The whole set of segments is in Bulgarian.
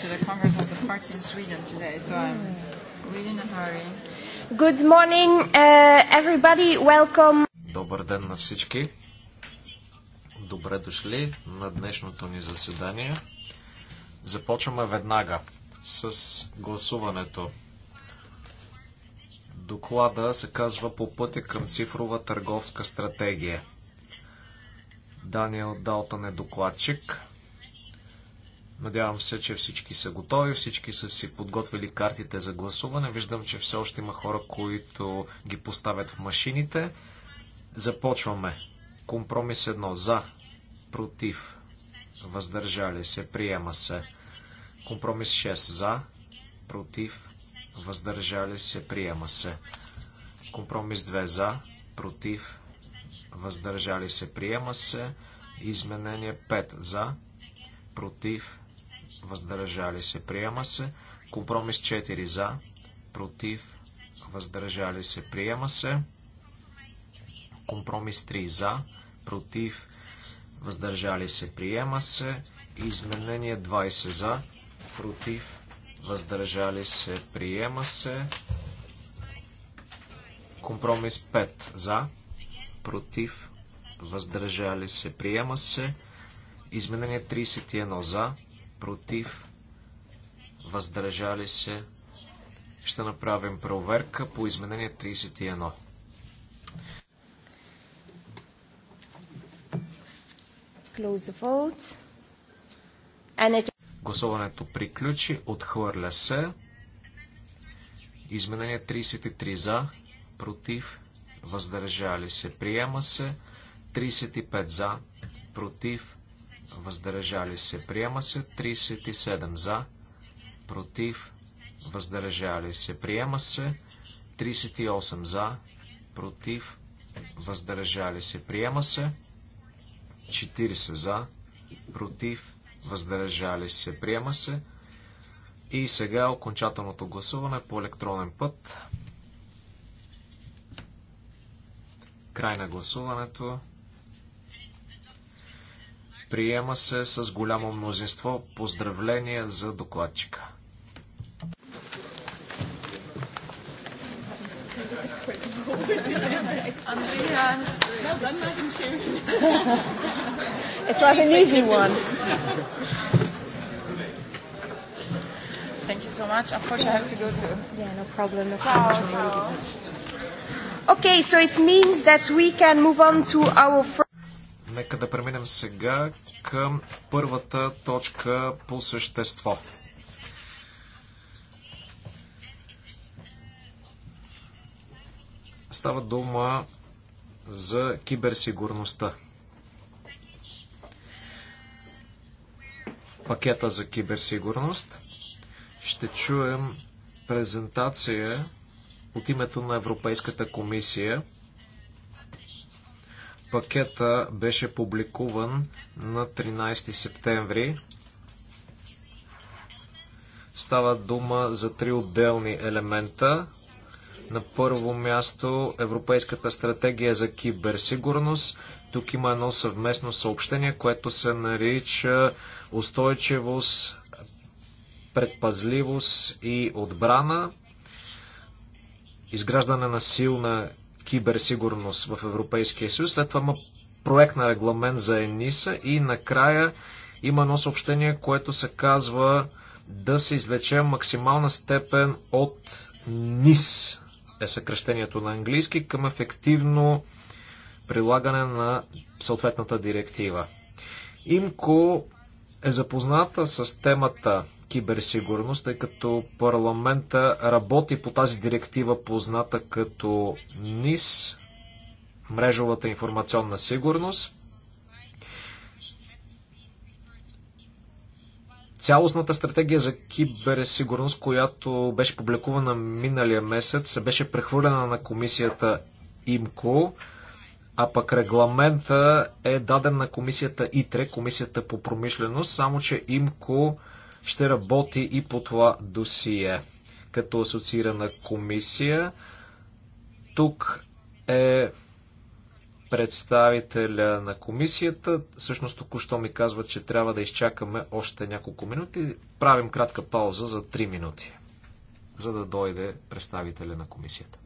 to the Congress of the Party in Sweden today, so I'm really in a hurry. Good morning, uh, everybody. Welcome. Добър ден на всички. Добре дошли на днешното ни заседание. Започваме веднага с гласуването. Доклада се казва по пътя към цифрова търговска стратегия. Даниел Далтън е докладчик. Надявам се, че всички са готови, всички са си подготвили картите за гласуване. Виждам, че все още има хора, които ги поставят в машините. Започваме. Компромис едно. За. Против. Въздържали се. Приема се. Компромис 6. За. Против. Въздържали се. Приема се. Компромис 2. За. Против. Въздържали се. Приема се. Изменение 5. За. Против въздържали се, приема се. Компромис 4 за, против, въздържали се, приема се. Компромис 3 за, против, въздържали се, приема се. Изменение 20 за, против, въздържали се, приема се. Компромис 5 за, против, въздържали се, приема се. Изменение 31 за, против, въздържали се. Ще направим проверка по изменение 31. Гласуването приключи, отхвърля се. Изменение 33 за, против, въздържали се, приема се. 35 за, против, въздържали се, приема се. 37 за, против, въздържали се, приема се. 38 за, против, въздържали се, приема се. 40 за, против, въздържали се, приема се. И сега окончателното гласуване по електронен път. Край на гласуването. Приема се с голямо мнозинство. Поздравления за докладчика. It was an easy one. Thank you so much. Unfortunately, I have to go to. Yeah, no problem. No ciao, problem. Ciao. Okay, so it means that we can move on to our. Нека да преминем сега към първата точка по същество. Става дума за киберсигурността. Пакета за киберсигурност. Ще чуем презентация от името на Европейската комисия – Пакета беше публикуван на 13 септември. Става дума за три отделни елемента. На първо място Европейската стратегия за киберсигурност. Тук има едно съвместно съобщение, което се нарича устойчивост, предпазливост и отбрана. Изграждане на силна киберсигурност в Европейския съюз. След това има проект на регламент за ЕНИСА и накрая има едно съобщение, което се казва да се извлече максимална степен от НИС, е съкръщението на английски, към ефективно прилагане на съответната директива. Имко е запозната с темата киберсигурност, тъй като парламента работи по тази директива, позната като НИС, мрежовата информационна сигурност. Цялостната стратегия за киберсигурност, която беше публикувана миналия месец, беше прехвърлена на комисията ИМКО. А пък регламента е даден на комисията ИТРЕ, комисията по промишленост, само че ИМКО ще работи и по това досие като асоциирана комисия. Тук е представителя на комисията. Всъщност току-що ми казва, че трябва да изчакаме още няколко минути. Правим кратка пауза за 3 минути, за да дойде представителя на комисията.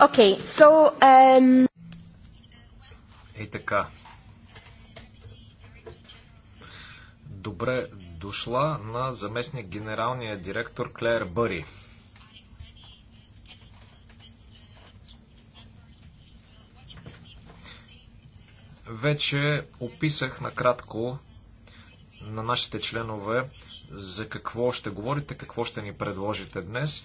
Okay, so, um... И е, така. Добре дошла на заместник генералния директор Клер Бъри. Вече описах накратко на нашите членове за какво ще говорите, какво ще ни предложите днес.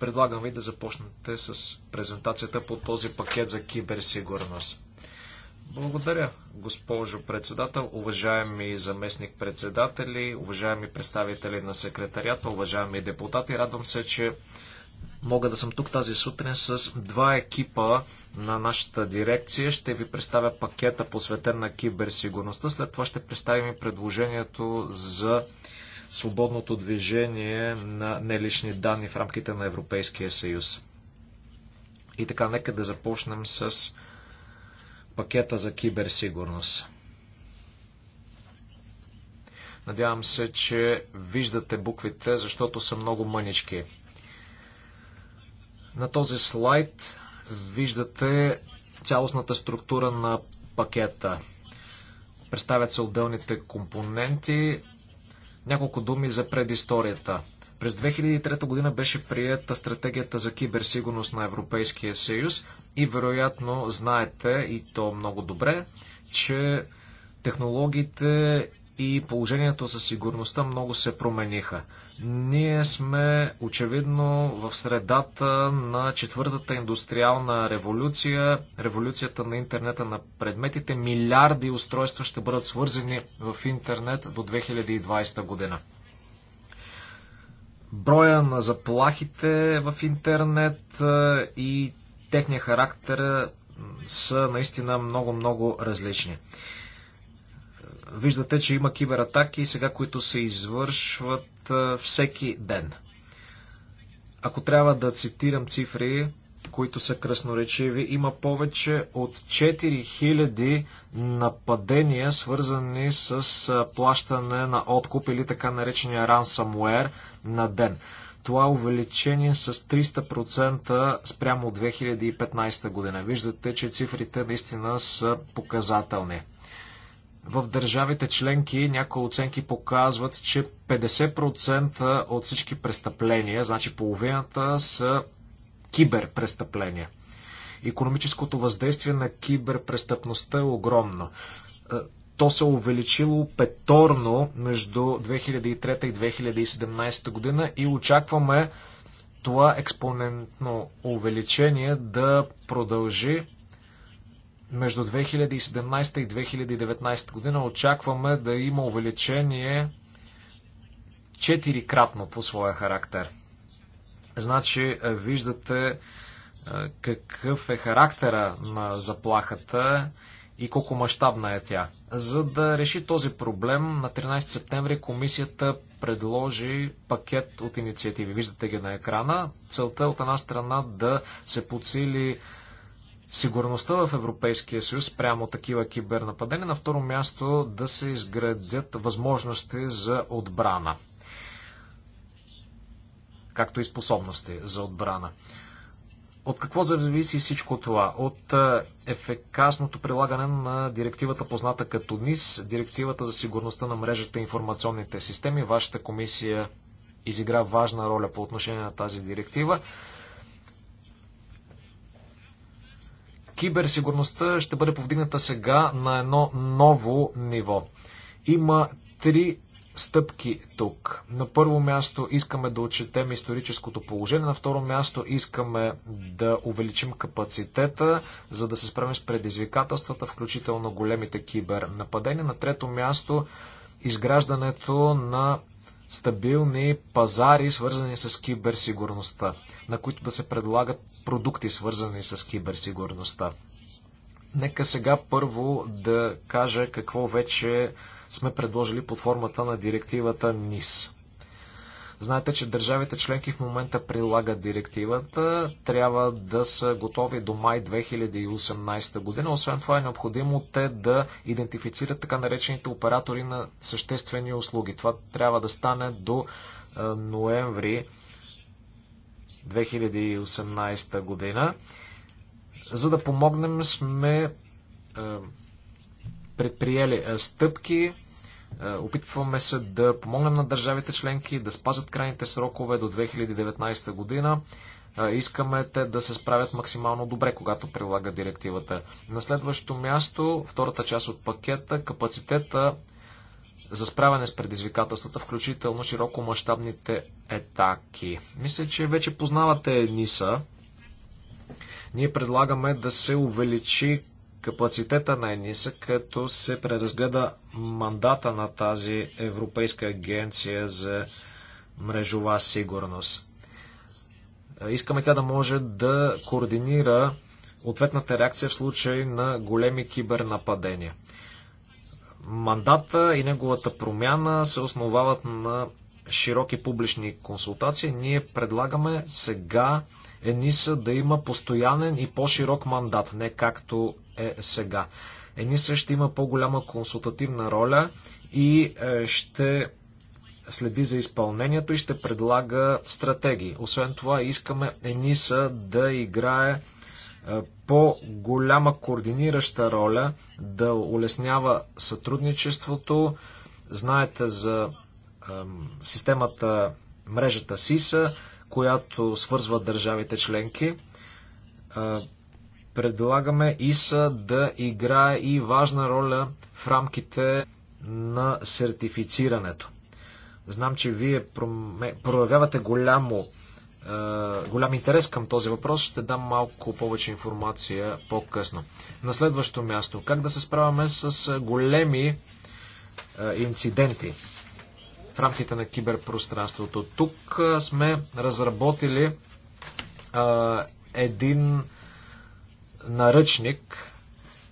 Предлагам ви да започнете с презентацията по този пакет за киберсигурност. Благодаря, госпожо председател, уважаеми заместник председатели, уважаеми представители на секретарията, уважаеми депутати. Радвам се, че мога да съм тук тази сутрин с два екипа на нашата дирекция. Ще ви представя пакета посветен на киберсигурността. След това ще представим и предложението за свободното движение на нелични данни в рамките на Европейския съюз. И така, нека да започнем с пакета за киберсигурност. Надявам се, че виждате буквите, защото са много мънички. На този слайд виждате цялостната структура на пакета. Представят се отделните компоненти. Няколко думи за предисторията. През 2003 година беше приета стратегията за киберсигурност на Европейския съюз и вероятно знаете, и то много добре, че технологиите и положението със сигурността много се промениха. Ние сме очевидно в средата на четвъртата индустриална революция, революцията на интернета на предметите. Милиарди устройства ще бъдат свързани в интернет до 2020 година. Броя на заплахите в интернет и техния характер са наистина много-много различни. Виждате, че има кибератаки сега, които се извършват всеки ден. Ако трябва да цитирам цифри, които са кръсноречиви, има повече от 4000 нападения, свързани с плащане на откуп или така наречения ransomware на ден. Това е увеличение с 300% спрямо от 2015 година. Виждате, че цифрите наистина са показателни в държавите членки някои оценки показват, че 50% от всички престъпления, значи половината, са киберпрестъпления. Економическото въздействие на киберпрестъпността е огромно. Е, то се е увеличило петорно между 2003 и 2017 година и очакваме това експонентно увеличение да продължи между 2017 и 2019 година очакваме да има увеличение 4-кратно по своя характер. Значи, е, виждате е, какъв е характера на заплахата и колко мащабна е тя. За да реши този проблем, на 13 септември комисията предложи пакет от инициативи. Виждате ги на екрана. Целта е от една страна да се подсили сигурността в Европейския съюз прямо такива кибернападения. На второ място да се изградят възможности за отбрана, както и способности за отбрана. От какво зависи всичко това? От ефекасното прилагане на директивата, позната като НИС, директивата за сигурността на мрежата и информационните системи. Вашата комисия изигра важна роля по отношение на тази директива. Киберсигурността ще бъде повдигната сега на едно ново ниво. Има три стъпки тук. На първо място искаме да отчетем историческото положение, на второ място искаме да увеличим капацитета, за да се справим с предизвикателствата, включително големите кибернападения. На трето място изграждането на стабилни пазари, свързани с киберсигурността, на които да се предлагат продукти, свързани с киберсигурността. Нека сега първо да кажа какво вече сме предложили под формата на директивата НИС. Знаете, че държавите членки в момента прилагат директивата. Трябва да са готови до май 2018 година. Освен това е необходимо те да идентифицират така наречените оператори на съществени услуги. Това трябва да стане до ноември 2018 година. За да помогнем сме предприели стъпки, е, опитваме се да помогнем на държавите членки да спазят крайните срокове до 2019 година. Е, искаме те да се справят максимално добре, когато прилага директивата. На следващо място, втората част от пакета, капацитета за справяне с предизвикателствата, включително широко мащабните етаки. Мисля, че вече познавате НИСА. Ние предлагаме да се увеличи капацитета на ЕНИСА, като се преразгледа мандата на тази Европейска агенция за мрежова сигурност. Искаме тя да може да координира ответната реакция в случай на големи кибернападения. Мандата и неговата промяна се основават на широки публични консултации. Ние предлагаме сега ЕНИСА да има постоянен и по-широк мандат, не както е сега. ЕНИСА ще има по-голяма консултативна роля и е, ще следи за изпълнението и ще предлага стратегии. Освен това, искаме ЕНИСА да играе е, по-голяма координираща роля, да улеснява сътрудничеството. Знаете за системата, мрежата СИСА която свързва държавите членки. Предлагаме ИСА да играе и важна роля в рамките на сертифицирането. Знам, че вие проявявате голямо, голям интерес към този въпрос. Ще дам малко повече информация по-късно. На следващо място, как да се справяме с големи инциденти в рамките на киберпространството. Тук сме разработили а, един наръчник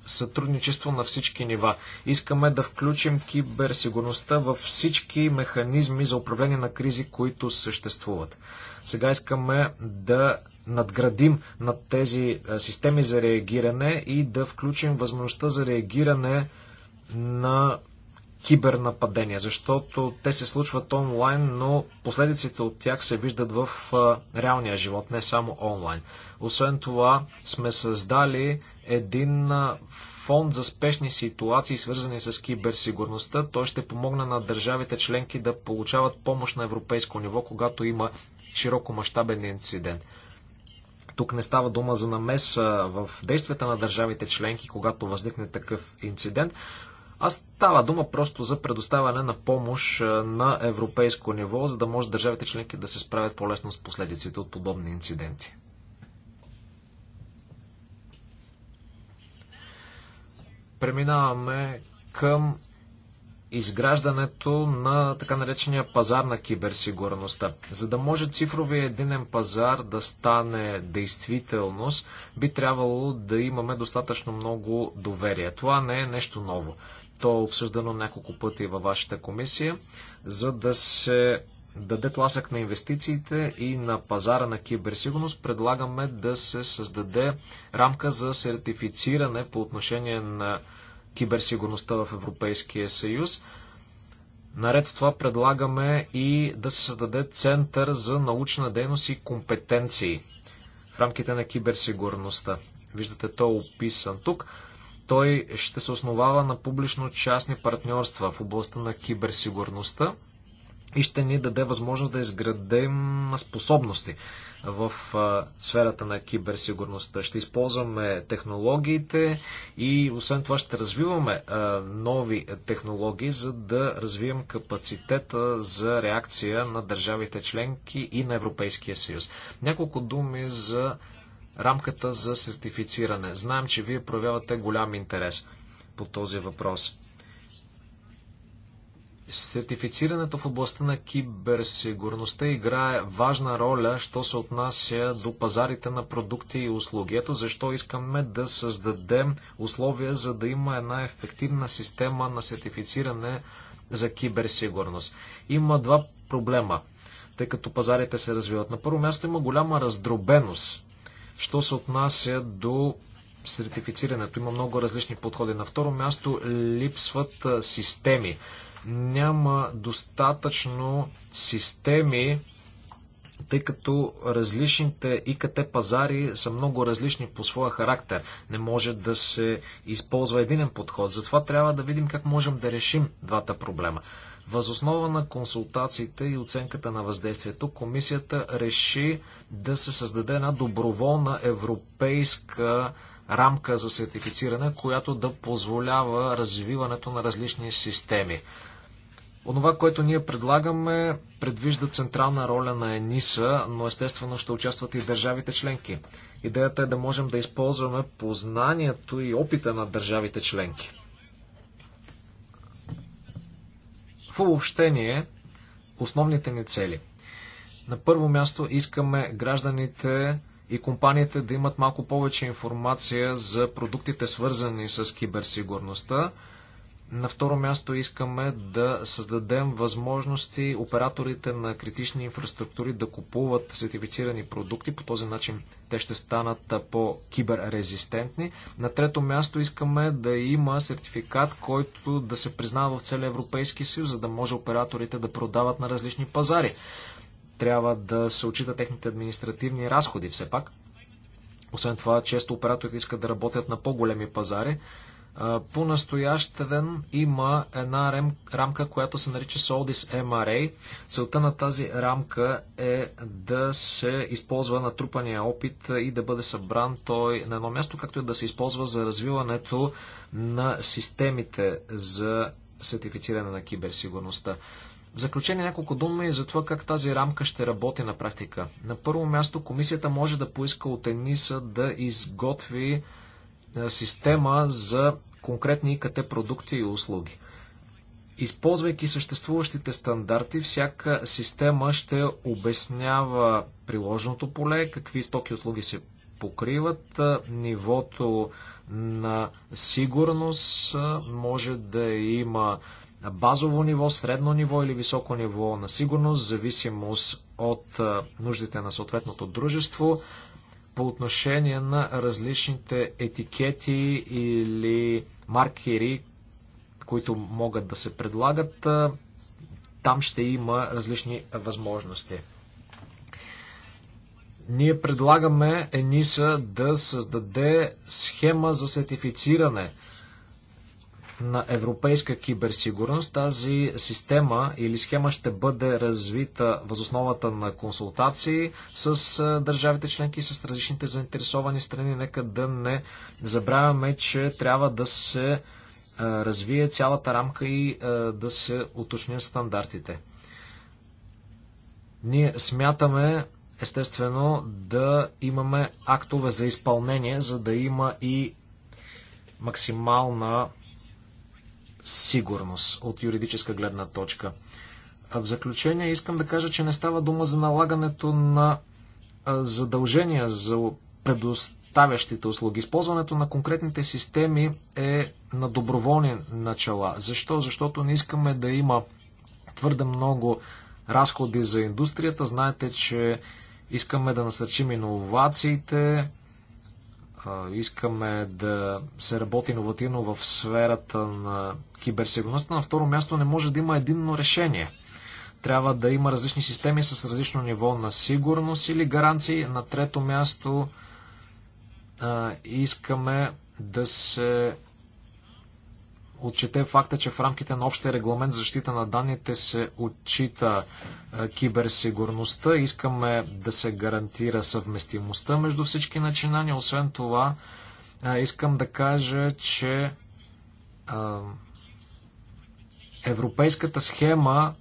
сътрудничество на всички нива. Искаме да включим киберсигурността във всички механизми за управление на кризи, които съществуват. Сега искаме да надградим над тези системи за реагиране и да включим възможността за реагиране на кибернападения, защото те се случват онлайн, но последиците от тях се виждат в реалния живот, не само онлайн. Освен това, сме създали един фонд за спешни ситуации, свързани с киберсигурността. Той ще помогне на държавите членки да получават помощ на европейско ниво, когато има широко мащабен инцидент. Тук не става дума за намеса в действията на държавите членки, когато възникне такъв инцидент, а става дума просто за предоставяне на помощ на европейско ниво, за да може държавите членки да се справят по-лесно с последиците от подобни инциденти. Преминаваме към изграждането на така наречения пазар на киберсигурността. За да може цифровия единен пазар да стане действителност, би трябвало да имаме достатъчно много доверие. Това не е нещо ново. То е обсъждано няколко пъти във вашата комисия, за да се даде тласък на инвестициите и на пазара на киберсигурност, предлагаме да се създаде рамка за сертифициране по отношение на киберсигурността в Европейския съюз. Наред с това предлагаме и да се създаде център за научна дейност и компетенции в рамките на киберсигурността. Виждате, то е описан тук. Той ще се основава на публично-частни партньорства в областта на киберсигурността и ще ни даде възможност да изградим способности в сферата на киберсигурността. Ще използваме технологиите и освен това ще развиваме нови технологии, за да развием капацитета за реакция на държавите членки и на Европейския съюз. Няколко думи за рамката за сертифициране. Знаем, че вие проявявате голям интерес по този въпрос. Сертифицирането в областта на киберсигурността играе важна роля, що се отнася до пазарите на продукти и услуги. Ето защо искаме да създадем условия, за да има една ефективна система на сертифициране за киберсигурност. Има два проблема, тъй като пазарите се развиват. На първо място има голяма раздробеност Що се отнася до сертифицирането, има много различни подходи. На второ място липсват системи. Няма достатъчно системи, тъй като различните ИКТ пазари са много различни по своя характер. Не може да се използва единен подход. Затова трябва да видим как можем да решим двата проблема. Възоснова на консултациите и оценката на въздействието, комисията реши да се създаде една доброволна европейска рамка за сертифициране, която да позволява развиването на различни системи. Онова, което ние предлагаме, предвижда централна роля на ЕНИСА, но естествено ще участват и държавите членки. Идеята е да можем да използваме познанието и опита на държавите членки. В обобщение, основните ни цели. На първо място искаме гражданите и компаниите да имат малко повече информация за продуктите свързани с киберсигурността. На второ място искаме да създадем възможности операторите на критични инфраструктури да купуват сертифицирани продукти. По този начин те ще станат по-киберрезистентни. На трето място искаме да има сертификат, който да се признава в целия Европейски съюз, за да може операторите да продават на различни пазари. Трябва да се очита техните административни разходи все пак. Освен това, често операторите искат да работят на по-големи пазари. По-настоящен има една рамка, която се нарича Soldis MRA. Целта на тази рамка е да се използва натрупания опит и да бъде събран той на едно място, както и да се използва за развиването на системите за сертифициране на киберсигурността. В заключение няколко думи за това как тази рамка ще работи на практика. На първо място комисията може да поиска от ЕНИСА да изготви е, система за конкретни ИКТ продукти и услуги. Използвайки съществуващите стандарти, всяка система ще обяснява приложеното поле, какви стоки и услуги се покриват, е, нивото на сигурност е, може да има базово ниво, средно ниво или високо ниво на сигурност, зависимост от нуждите на съответното дружество, по отношение на различните етикети или маркери, които могат да се предлагат. Там ще има различни възможности. Ние предлагаме ЕНИСА да създаде схема за сертифициране – на европейска киберсигурност. Тази система или схема ще бъде развита възосновата на консултации с държавите членки и с различните заинтересовани страни. Нека да не забравяме, че трябва да се развие цялата рамка и да се уточнят стандартите. Ние смятаме, естествено, да имаме актове за изпълнение, за да има и максимална сигурност от юридическа гледна точка. В заключение искам да кажа, че не става дума за налагането на задължения за предоставящите услуги. Използването на конкретните системи е на доброволни начала. Защо? Защото не искаме да има твърде много разходи за индустрията. Знаете, че искаме да насърчим иновациите, искаме да се работи иновативно в сферата на киберсигурността. На второ място не може да има единно решение. Трябва да има различни системи с различно ниво на сигурност или гаранции. На трето място искаме да се отчете факта, че в рамките на общия регламент за защита на данните се отчита е, киберсигурността. Искаме да се гарантира съвместимостта между всички начинания. Освен това, е, искам да кажа, че е, европейската схема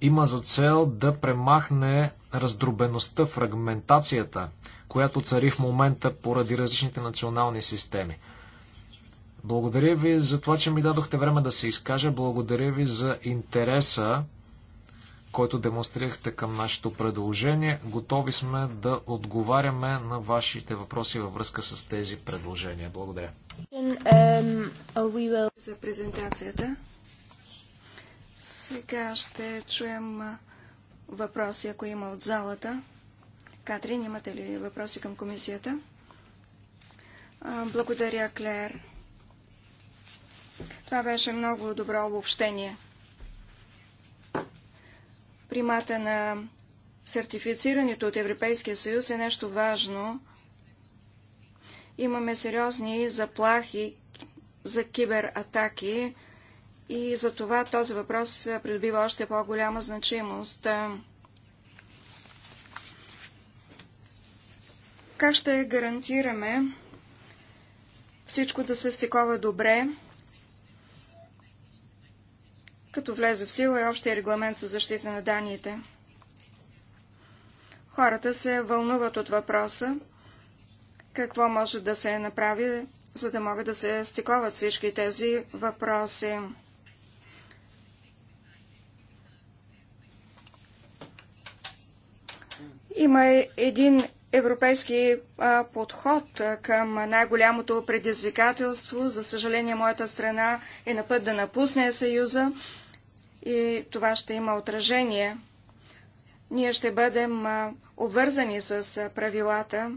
има за цел да премахне раздробеността, фрагментацията, която цари в момента поради различните национални системи. Благодаря ви за това, че ми дадохте време да се изкажа. Благодаря ви за интереса, който демонстрирахте към нашето предложение. Готови сме да отговаряме на вашите въпроси във връзка с тези предложения. Благодаря. Um, за презентацията. Сега ще чуем въпроси, ако има от залата. Катрин, имате ли въпроси към комисията? Благодаря, Клер. Това беше много добро обобщение. Примата на сертифицирането от Европейския съюз е нещо важно. Имаме сериозни заплахи за кибератаки и за това този въпрос придобива още по-голяма значимост. Как ще гарантираме всичко да се стикова добре като влезе в сила и е общия регламент за защита на данните. Хората се вълнуват от въпроса какво може да се направи, за да могат да се стиковат всички тези въпроси. Има един европейски а, подход към най-голямото предизвикателство. За съжаление, моята страна е на път да напусне Съюза и това ще има отражение. Ние ще бъдем обвързани с правилата.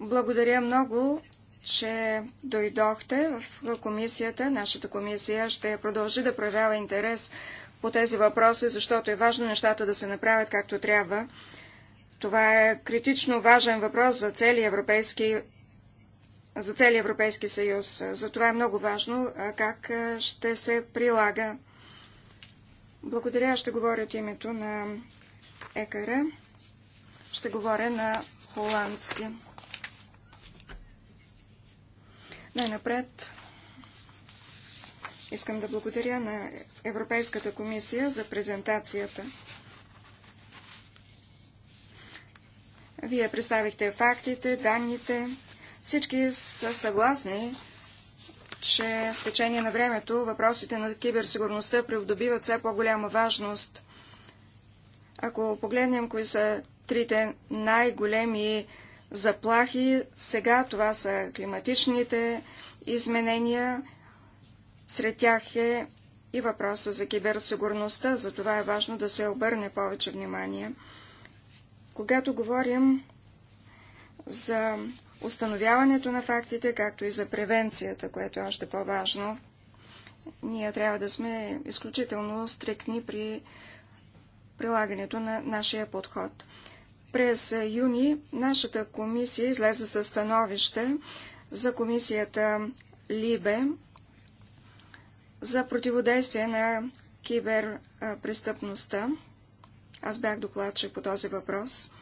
Благодаря много, че дойдохте в комисията. Нашата комисия ще продължи да проявява интерес по тези въпроси, защото е важно нещата да се направят както трябва. Това е критично важен въпрос за целия Европейски за целия Европейски съюз. За това е много важно как ще се прилага. Благодаря, ще говоря от името на Екара. Ще говоря на холандски. Най-напред искам да благодаря на Европейската комисия за презентацията. Вие представихте фактите, данните, всички са съгласни, че с течение на времето въпросите на киберсигурността придобиват все по-голяма важност. Ако погледнем кои са трите най-големи заплахи, сега това са климатичните изменения, сред тях е и въпроса за киберсигурността, за това е важно да се обърне повече внимание. Когато говорим за установяването на фактите, както и за превенцията, което е още по-важно. Ние трябва да сме изключително стрикни при прилагането на нашия подход. През юни нашата комисия излезе със становище за комисията Либе за противодействие на киберпрестъпността. Аз бях докладчик по този въпрос.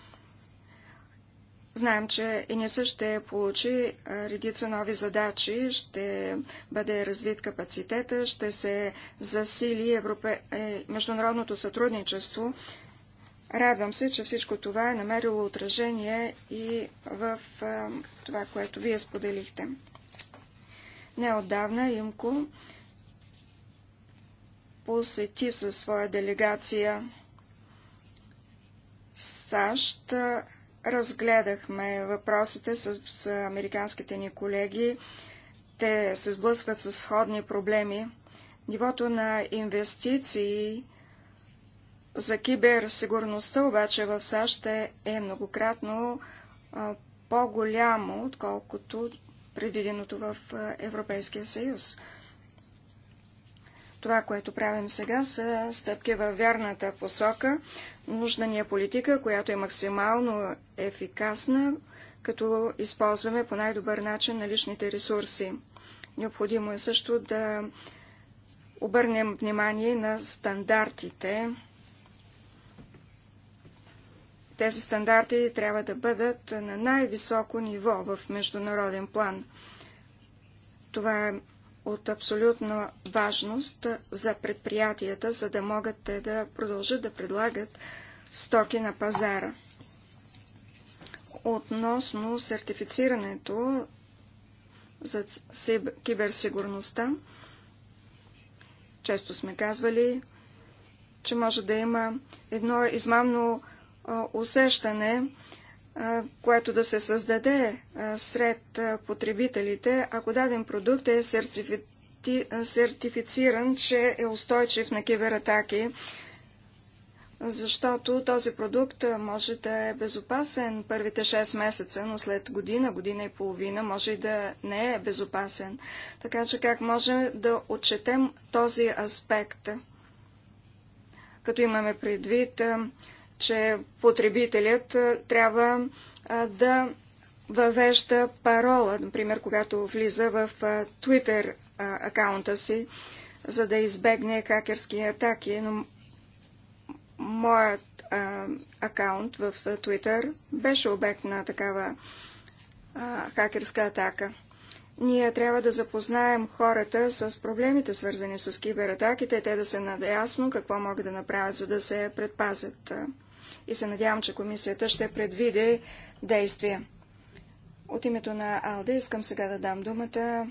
Знаем, че ЕНИСА ще получи редица нови задачи, ще бъде развит капацитета, ще се засили европе... Е, международното сътрудничество. Радвам се, че всичко това е намерило отражение и в това, което вие споделихте. Неотдавна Имко посети със своя делегация САЩ Разгледахме въпросите с американските ни колеги. Те се сблъскват с сходни проблеми. Нивото на инвестиции за киберсигурността обаче в САЩ е, е многократно по-голямо, отколкото предвиденото в Европейския съюз. Това, което правим сега, са стъпки във вярната посока. Нужна ни е политика, която е максимално ефикасна, като използваме по най-добър начин наличните ресурси. Необходимо е също да обърнем внимание на стандартите. Тези стандарти трябва да бъдат на най-високо ниво в международен план. Това е от абсолютна важност за предприятията, за да могат те да продължат да предлагат стоки на пазара. Относно сертифицирането за киберсигурността, често сме казвали, че може да има едно измамно усещане, което да се създаде сред потребителите, ако даден продукт е сертифициран, че е устойчив на кибератаки, защото този продукт може да е безопасен първите 6 месеца, но след година, година и половина може и да не е безопасен. Така че как можем да отчетем този аспект? Като имаме предвид че потребителят трябва да въвежда парола, например, когато влиза в Twitter акаунта си, за да избегне хакерски атаки, но моят а, акаунт в Twitter беше обект на такава а, хакерска атака. Ние трябва да запознаем хората с проблемите, свързани с кибератаките, те да се надясно какво могат да направят, за да се предпазят и се надявам, че комисията ще предвиди действия. От името на Алде искам сега да дам думата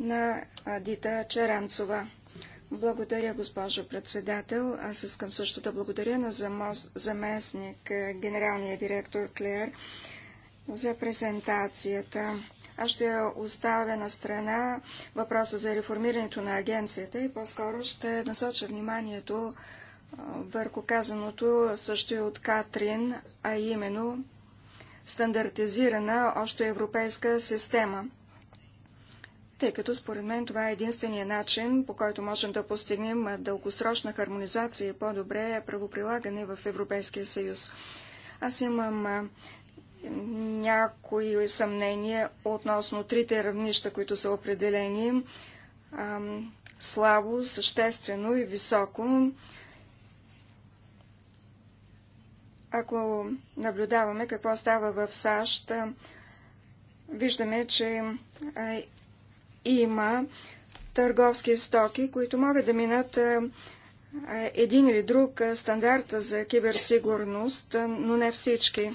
на Дита Черанцова. Благодаря, госпожо председател. Аз искам също да благодаря на заместник е, генералния директор Клер за презентацията. Аз ще оставя на страна въпроса за реформирането на агенцията и по-скоро ще насоча вниманието върху казаното също и от Катрин, а именно стандартизирана още европейска система. Тъй като според мен това е единствения начин, по който можем да постигнем дългосрочна хармонизация и по-добре правоприлагане в Европейския съюз. Аз имам някои съмнения относно трите равнища, които са определени слабо, съществено и високо. Ако наблюдаваме какво става в САЩ, виждаме, че има търговски стоки, които могат да минат един или друг стандарт за киберсигурност, но не всички.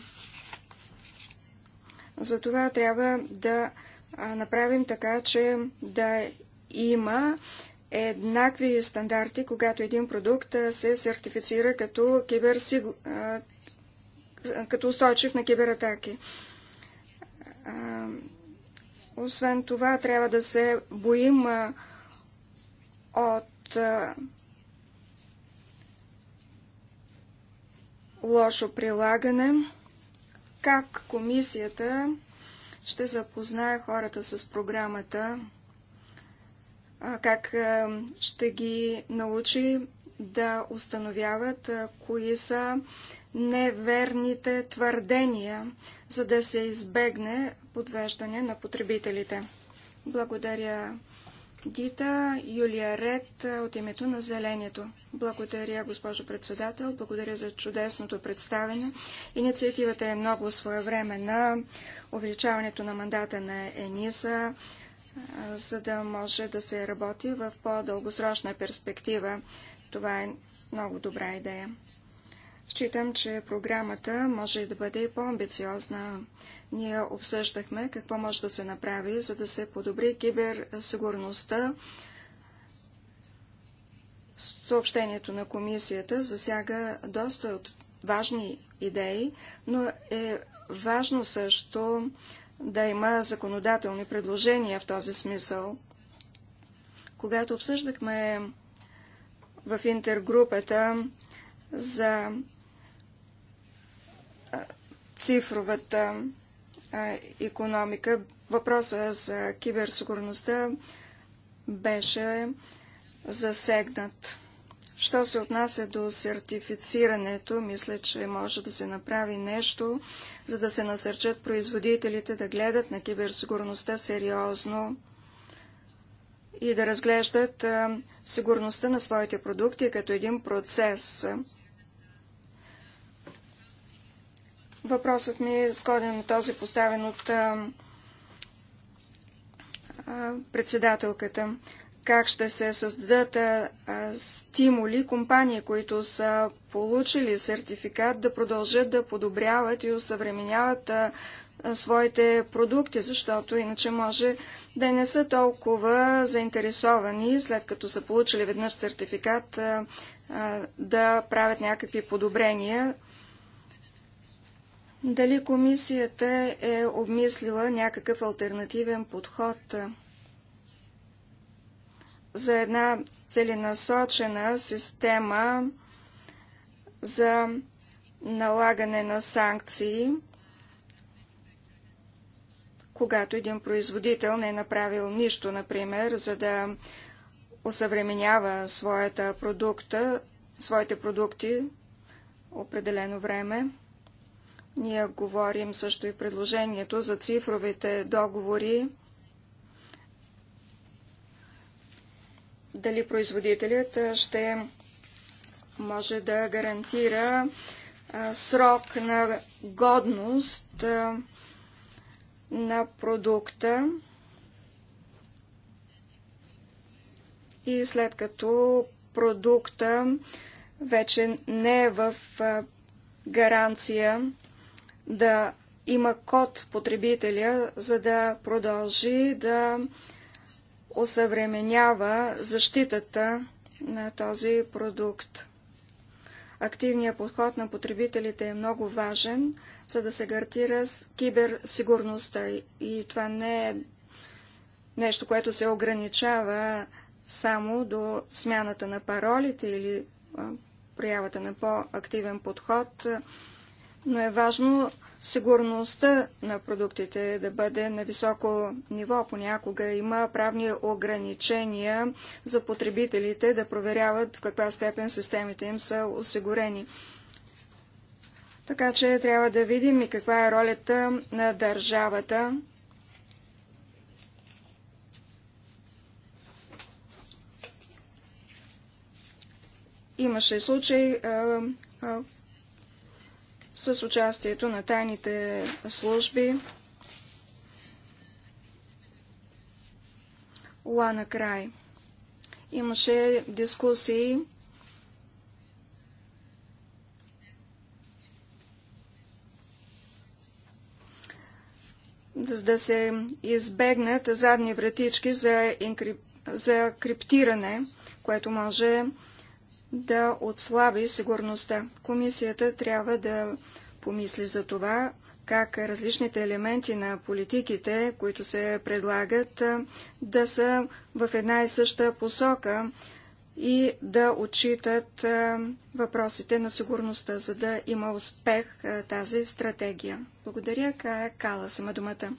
Затова трябва да направим така, че да има еднакви стандарти, когато един продукт се сертифицира като киберсигур като устойчив на кибератаки. Освен това, трябва да се боим от лошо прилагане. Как комисията ще запознае хората с програмата, как ще ги научи да установяват кои са неверните твърдения, за да се избегне подвеждане на потребителите. Благодаря Дита Юлия Ред от името на Зелението. Благодаря, госпожо председател. Благодаря за чудесното представене. Инициативата е много своевременна. Увеличаването на мандата на ЕНИСА, за да може да се работи в по-дългосрочна перспектива. Това е много добра идея. Считам, че програмата може да бъде и по-амбициозна. Ние обсъждахме какво може да се направи, за да се подобри киберсигурността. Съобщението на комисията засяга доста от важни идеи, но е важно също да има законодателни предложения в този смисъл. Когато обсъждахме в интергрупата за цифровата економика. Въпроса за киберсигурността беше засегнат. Що се отнася до сертифицирането, мисля, че може да се направи нещо, за да се насърчат производителите да гледат на киберсигурността сериозно и да разглеждат сигурността на своите продукти като един процес. Въпросът ми е сходен на този поставен от а, а, председателката. Как ще се създадат а, стимули компании, които са получили сертификат да продължат да подобряват и усъвременяват своите продукти, защото иначе може да не са толкова заинтересовани, след като са получили веднъж сертификат, да правят някакви подобрения, дали комисията е обмислила някакъв альтернативен подход за една целенасочена система за налагане на санкции, когато един производител не е направил нищо, например, за да осъвременява своята продукта, своите продукти определено време. Ние говорим също и предложението за цифровите договори. Дали производителят ще може да гарантира срок на годност на продукта и след като продукта вече не е в гаранция да има код потребителя, за да продължи да осъвременява защитата на този продукт. Активният подход на потребителите е много важен, за да се гарантира киберсигурността. И това не е нещо, което се ограничава само до смяната на паролите или проявата на по-активен подход но е важно сигурността на продуктите да бъде на високо ниво. Понякога има правни ограничения за потребителите да проверяват в каква степен системите им са осигурени. Така че трябва да видим и каква е ролята на държавата. Имаше случай, с участието на тайните служби. Лана Край. Имаше дискусии да се избегнат задни вратички за, инкрип... за криптиране, което може да отслаби сигурността. Комисията трябва да помисли за това, как различните елементи на политиките, които се предлагат, да са в една и съща посока и да отчитат въпросите на сигурността, за да има успех тази стратегия. Благодаря, Кая Кала, сама думата.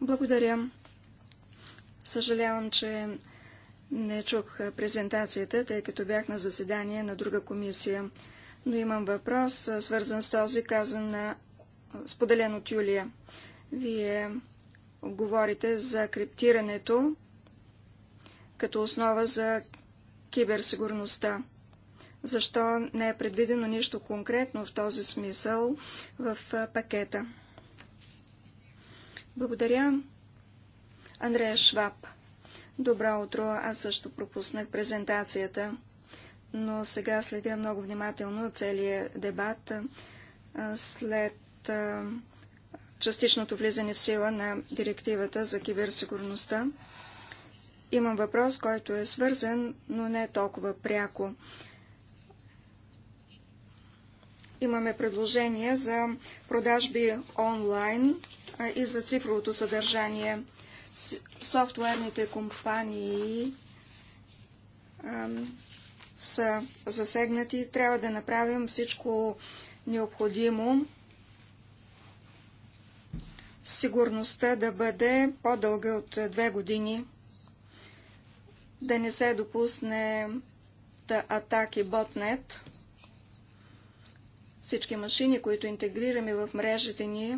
Благодаря. Съжалявам, че не чух презентацията, тъй като бях на заседание на друга комисия. Но имам въпрос, свързан с този, казан на споделен от Юлия. Вие говорите за криптирането като основа за киберсигурността. Защо не е предвидено нищо конкретно в този смисъл в пакета? Благодаря. Андрея Шваб. Добро утро! Аз също пропуснах презентацията, но сега следя много внимателно целият дебат след частичното влизане в сила на директивата за киберсигурността. Имам въпрос, който е свързан, но не е толкова пряко. Имаме предложение за продажби онлайн и за цифровото съдържание софтуерните компании са засегнати. Трябва да направим всичко необходимо. Сигурността да бъде по-дълга от две години. Да не се допусне атаки ботнет. Всички машини, които интегрираме в мрежите ни,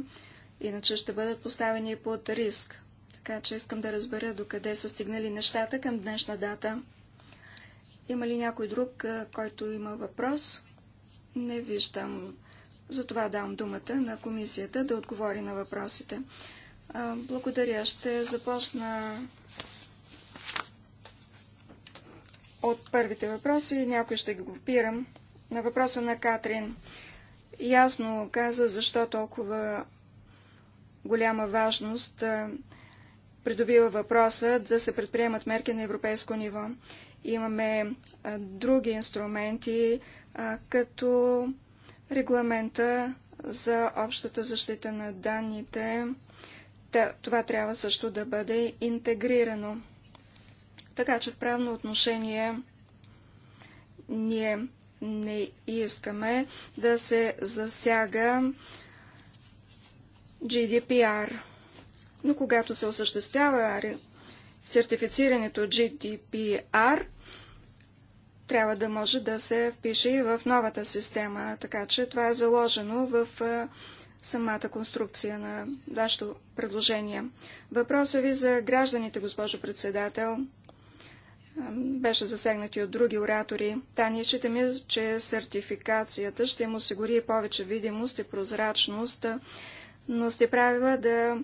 иначе ще бъдат поставени под риск така че искам да разбера докъде са стигнали нещата към днешна дата. Има ли някой друг, който има въпрос? Не виждам. Затова давам думата на комисията да отговори на въпросите. Благодаря. Ще започна от първите въпроси. Някой ще ги копирам. На въпроса на Катрин. Ясно каза защо толкова голяма важност придобива въпроса да се предприемат мерки на европейско ниво. Имаме други инструменти, като регламента за общата защита на данните. това трябва също да бъде интегрирано. Така че в правно отношение ние не искаме да се засяга GDPR но когато се осъществява сертифицирането GDPR, трябва да може да се впише и в новата система, така че това е заложено в самата конструкция на вашето предложение. Въпроса ви за гражданите, госпожо председател, беше засегнати от други оратори. Та ние считаме, че сертификацията ще им осигури повече видимост и прозрачност, но сте правила да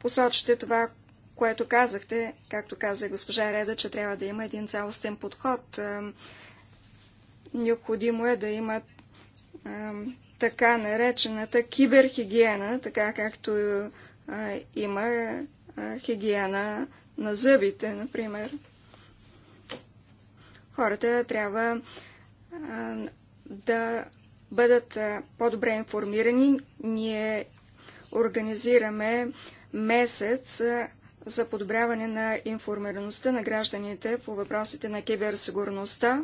посочите това, което казахте, както каза госпожа Реда, че трябва да има един цялостен подход. Необходимо е да има така наречената киберхигиена, така както има хигиена на зъбите, например. Хората трябва да бъдат по-добре информирани. Ние организираме месец за подобряване на информираността на гражданите по въпросите на киберсигурността.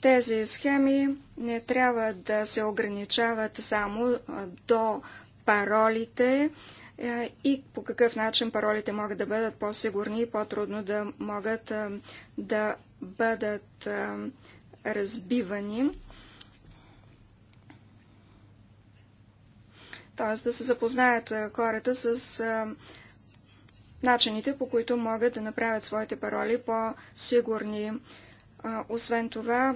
Тези схеми не трябва да се ограничават само до паролите и по какъв начин паролите могат да бъдат по-сигурни и по-трудно да могат да бъдат разбивани. т.е. да се запознаят хората с начините, по които могат да направят своите пароли по-сигурни. Освен това,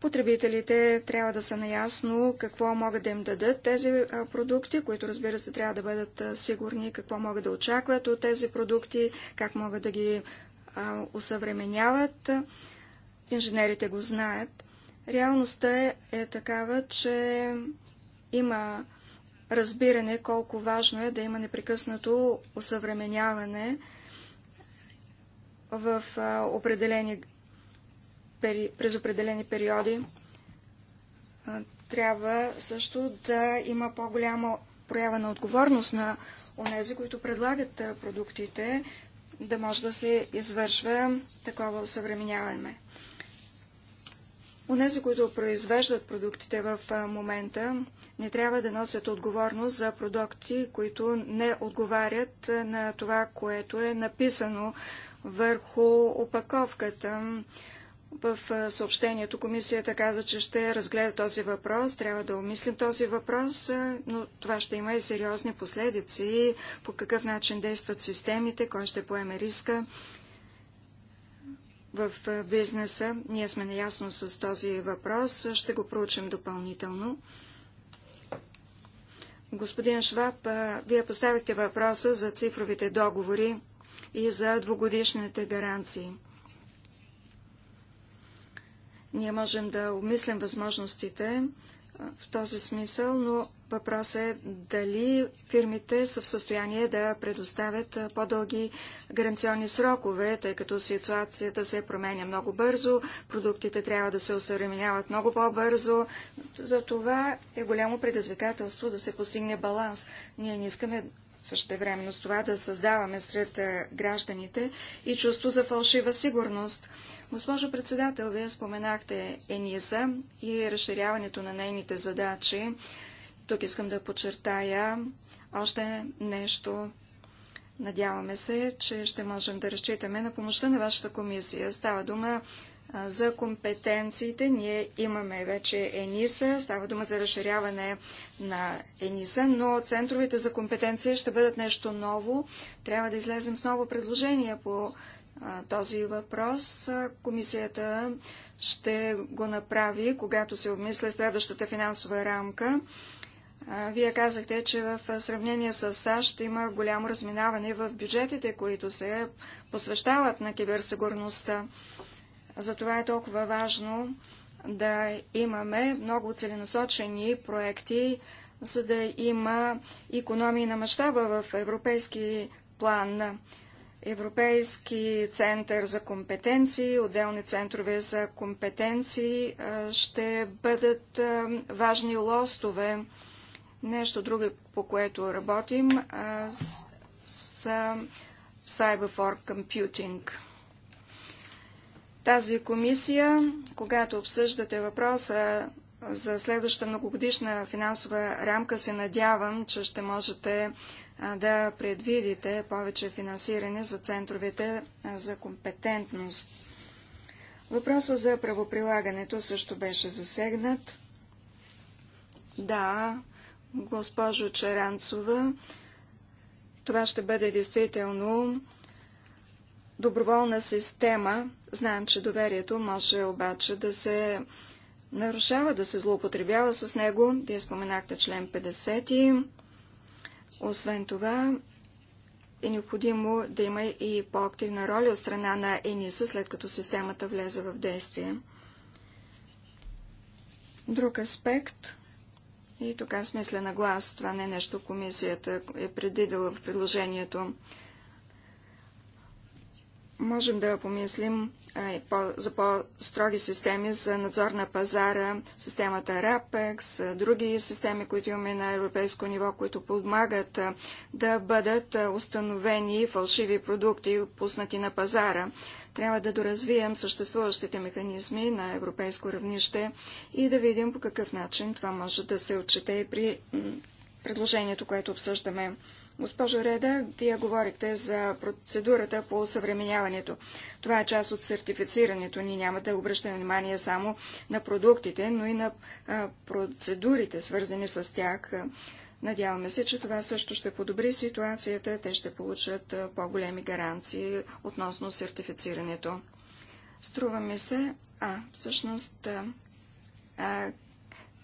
потребителите трябва да са наясно какво могат да им дадат тези продукти, които разбира се трябва да бъдат сигурни, какво могат да очакват от тези продукти, как могат да ги усъвременяват. Инженерите го знаят. Реалността е такава, че има разбиране колко важно е да има непрекъснато осъвременяване в определени, през определени периоди. Трябва също да има по-голяма проява на отговорност на онези, които предлагат продуктите, да може да се извършва такова съвременяване. Унези, които произвеждат продуктите в момента, не трябва да носят отговорност за продукти, които не отговарят на това, което е написано върху опаковката. В съобщението комисията каза, че ще разгледа този въпрос, трябва да умислим този въпрос, но това ще има и сериозни последици, по какъв начин действат системите, кой ще поеме риска в бизнеса. Ние сме наясно с този въпрос. Ще го проучим допълнително. Господин Шваб, вие поставихте въпроса за цифровите договори и за двогодишните гаранции. Ние можем да обмислим възможностите в този смисъл, но Въпрос е дали фирмите са в състояние да предоставят по-дълги гаранционни срокове, тъй като ситуацията се променя много бързо, продуктите трябва да се осъвременяват много по-бързо. За това е голямо предизвикателство да се постигне баланс. Ние не искаме същевременно с това да създаваме сред гражданите и чувство за фалшива сигурност. Госпожо председател, вие споменахте ЕНИСА и разширяването на нейните задачи тук искам да подчертая още нещо. Надяваме се, че ще можем да разчитаме на помощта на вашата комисия. Става дума за компетенциите. Ние имаме вече ЕНИСА, става дума за разширяване на ЕНИСА, но центровете за компетенция ще бъдат нещо ново. Трябва да излезем с ново предложение по този въпрос. Комисията ще го направи, когато се обмисля следващата финансова рамка. Вие казахте, че в сравнение с САЩ има голямо разминаване в бюджетите, които се посвещават на киберсигурността. Затова е толкова важно да имаме много целенасочени проекти, за да има економии на мащаба в европейски план. Европейски център за компетенции, отделни центрове за компетенции ще бъдат важни лостове Нещо друго, по което работим, с, Cyber for Computing. Тази комисия, когато обсъждате въпроса за следваща многогодишна финансова рамка, се надявам, че ще можете да предвидите повече финансиране за центровете за компетентност. Въпроса за правоприлагането също беше засегнат. Да, госпожо Чаранцова. Това ще бъде действително доброволна система. Знаем, че доверието може обаче да се нарушава, да се злоупотребява с него. Вие споменахте член 50. Освен това, е необходимо да има и по-активна роля от страна на ЕНИСА, след като системата влезе в действие. Друг аспект и тук аз мисля на глас. Това не е нещо комисията е предвидела в предложението. Можем да помислим а, по, за по-строги системи за надзор на пазара, системата RAPEX, други системи, които имаме на европейско ниво, които подмагат а, да бъдат а, установени фалшиви продукти, пуснати на пазара. Трябва да доразвием съществуващите механизми на европейско равнище и да видим по какъв начин това може да се отчете и при предложението, което обсъждаме. Госпожо Реда, вие говорихте за процедурата по съвременяването. Това е част от сертифицирането. Ние няма да обръщаме внимание само на продуктите, но и на процедурите, свързани с тях. Надяваме се, че това също ще подобри ситуацията. Те ще получат по-големи гаранции относно сертифицирането. Струва ми се, а, всъщност, а,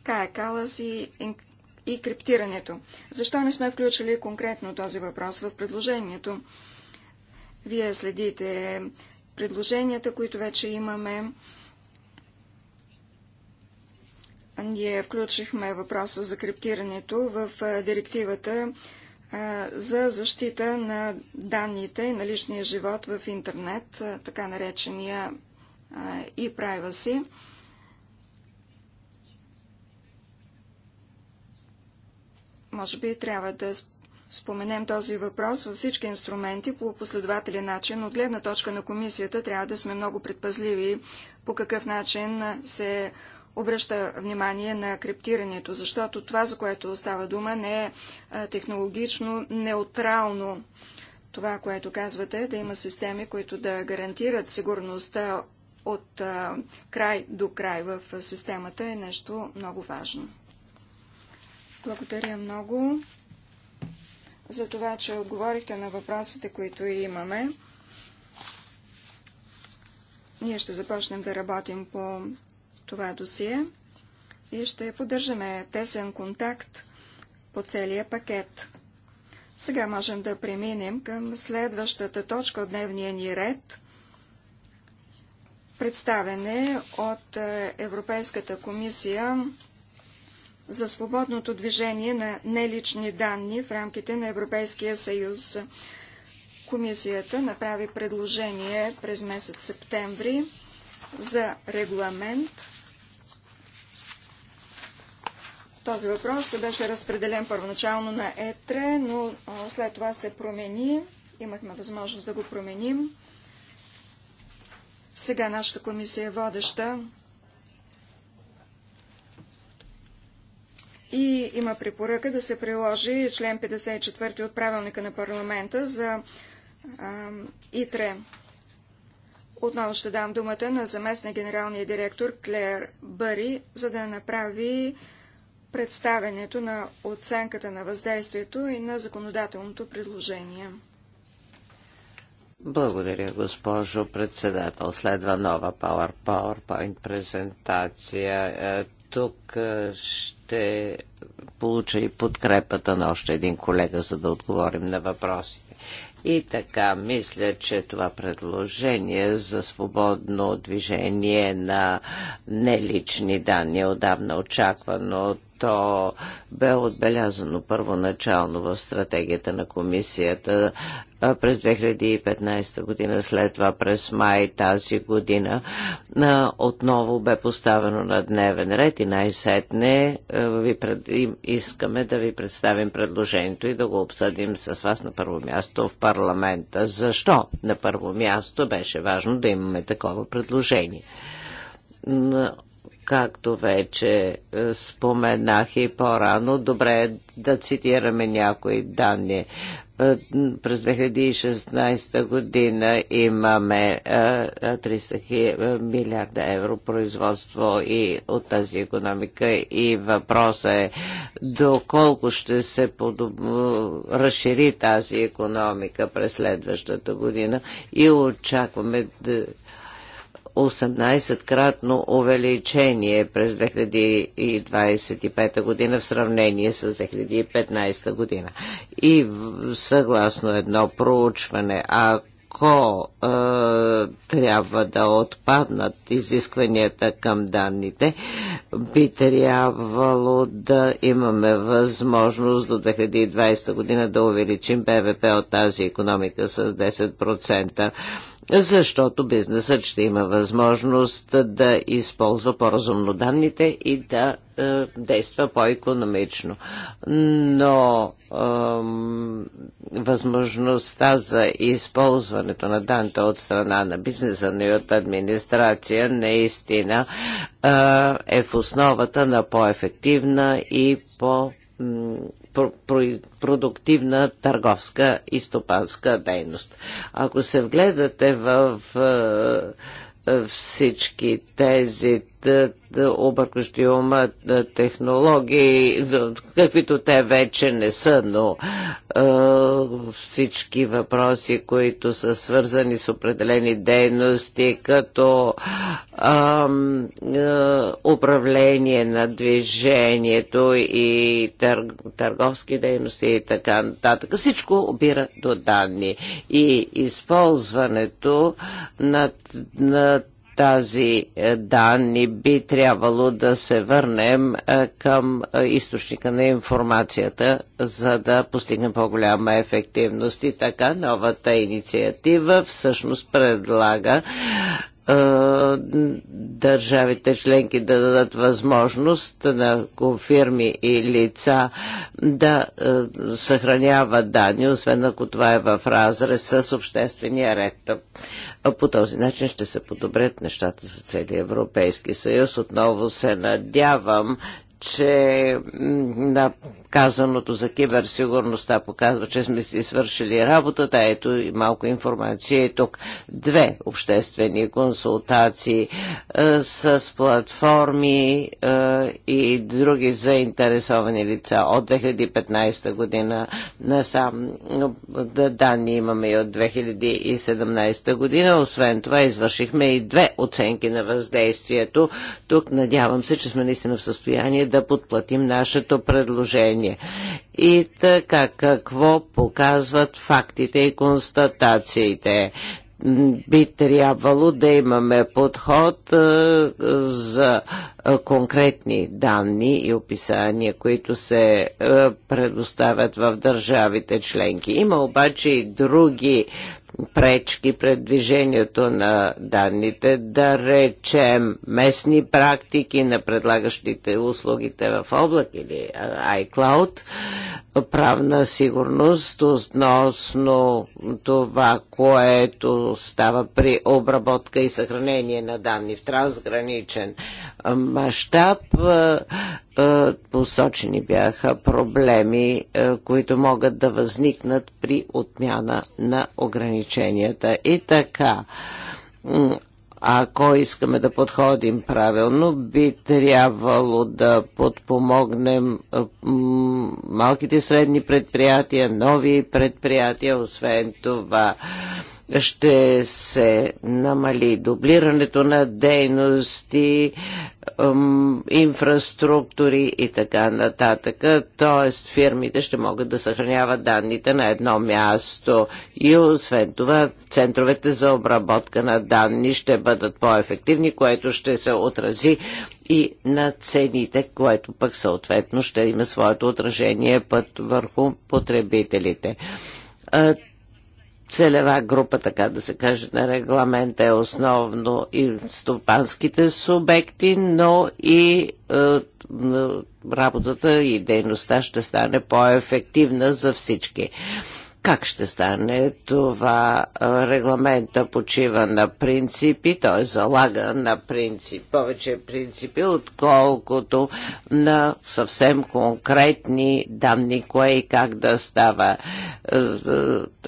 Кая Калас и, и криптирането. Защо не сме включили конкретно този въпрос в предложението? Вие следите предложенията, които вече имаме ние включихме въпроса за криптирането в директивата за защита на данните и на личния живот в интернет, така наречения и e privacy. Може би трябва да споменем този въпрос във всички инструменти по последователен начин. От гледна точка на комисията трябва да сме много предпазливи по какъв начин се обръща внимание на криптирането, защото това, за което става дума, не е технологично неутрално. Това, което казвате, е да има системи, които да гарантират сигурността от край до край в системата е нещо много важно. Благодаря много за това, че отговорихте на въпросите, които имаме. Ние ще започнем да работим по това досие и ще поддържаме тесен контакт по целия пакет. Сега можем да преминем към следващата точка от дневния ни ред представене от е, Европейската комисия за свободното движение на нелични данни в рамките на Европейския съюз. Комисията направи предложение през месец септември за регламент Този въпрос беше разпределен първоначално на ЕТРЕ, но след това се промени. Имахме възможност да го променим. Сега нашата комисия е водеща и има препоръка да се приложи член 54 от правилника на парламента за а, ИТРЕ. Отново ще дам думата на заместник генералния директор Клер Бъри, за да направи представенето на оценката на въздействието и на законодателното предложение. Благодаря, госпожо председател. Следва нова Power, PowerPoint презентация. Е, тук е, ще получа и подкрепата на още един колега, за да отговорим на въпросите. И така, мисля, че това предложение за свободно движение на нелични данни е отдавна очаквано. от то бе отбелязано първоначално в стратегията на комисията през 2015 година, след това през май тази година, отново бе поставено на дневен ред и най-сетне ви пред... искаме да ви представим предложението и да го обсъдим с вас на първо място в парламента. Защо на първо място беше важно да имаме такова предложение? Както вече е, споменах и по-рано, добре е да цитираме някои данни е, през 2016 година имаме 300 е, милиарда евро производство и от тази економика и въпросът е доколко ще се подоб... разшири тази економика през следващата година и очакваме 18-кратно увеличение през 2025 година в сравнение с 2015 година. И съгласно едно проучване, ако е, трябва да отпаднат изискванията към данните, би трябвало да имаме възможност до 2020 година да увеличим БВП от тази економика с 10% защото бизнесът ще има възможност да използва по-разумно данните и да е, действа по-економично. Но е, възможността за използването на данните от страна на бизнеса, но и от администрация, наистина е, е в основата на по-ефективна и по- продуктивна търговска и стопанска дейност. Ако се вгледате в всички тези объркващи ума технологии, каквито те вече не са, но всички въпроси, които са свързани с определени дейности, като управление на движението и тър, търговски дейности и така нататък. Всичко обира до данни и използването на, на тази е, данни би трябвало да се върнем е, към е, източника на информацията, за да постигнем по-голяма ефективност. И така новата инициатива всъщност предлага държавите членки да дадат възможност на фирми и лица да съхраняват данни, освен ако това е в разрез с обществения ред. По този начин ще се подобрят нещата за целия Европейски съюз. Отново се надявам, че на Казаното за киберсигурността показва, че сме си свършили работата. Ето и малко информация и тук. Две обществени консултации е, с платформи е, и други заинтересовани лица от 2015 година насам. Да, данни имаме и от 2017 година. Освен това, извършихме и две оценки на въздействието. Тук надявам се, че сме наистина в състояние да подплатим нашето предложение мнение. И така, какво показват фактите и констатациите? би трябвало да имаме подход е, за е, конкретни данни и описания, които се е, предоставят в държавите членки. Има обаче и други пречки пред движението на данните, да речем местни практики на предлагащите услугите в облак или iCloud, правна сигурност относно това, което става при обработка и съхранение на данни в трансграничен мащаб, е, посочени бяха проблеми, е, които могат да възникнат при отмяна на ограниченията. И така, ако искаме да подходим правилно, би трябвало да подпомогнем е, малките средни предприятия, нови предприятия, освен това ще се намали дублирането на дейности, инфраструктури и така нататък. Тоест фирмите ще могат да съхраняват данните на едно място и освен това центровете за обработка на данни ще бъдат по-ефективни, което ще се отрази и на цените, което пък съответно ще има своето отражение път върху потребителите целева група, така да се каже, на регламента е основно и стопанските субекти, но и е, работата и дейността ще стане по-ефективна за всички. Как ще стане това? Е, регламента почива на принципи, т.е. залага на принципи, повече принципи, отколкото на съвсем конкретни данни, кое и как да става. Е,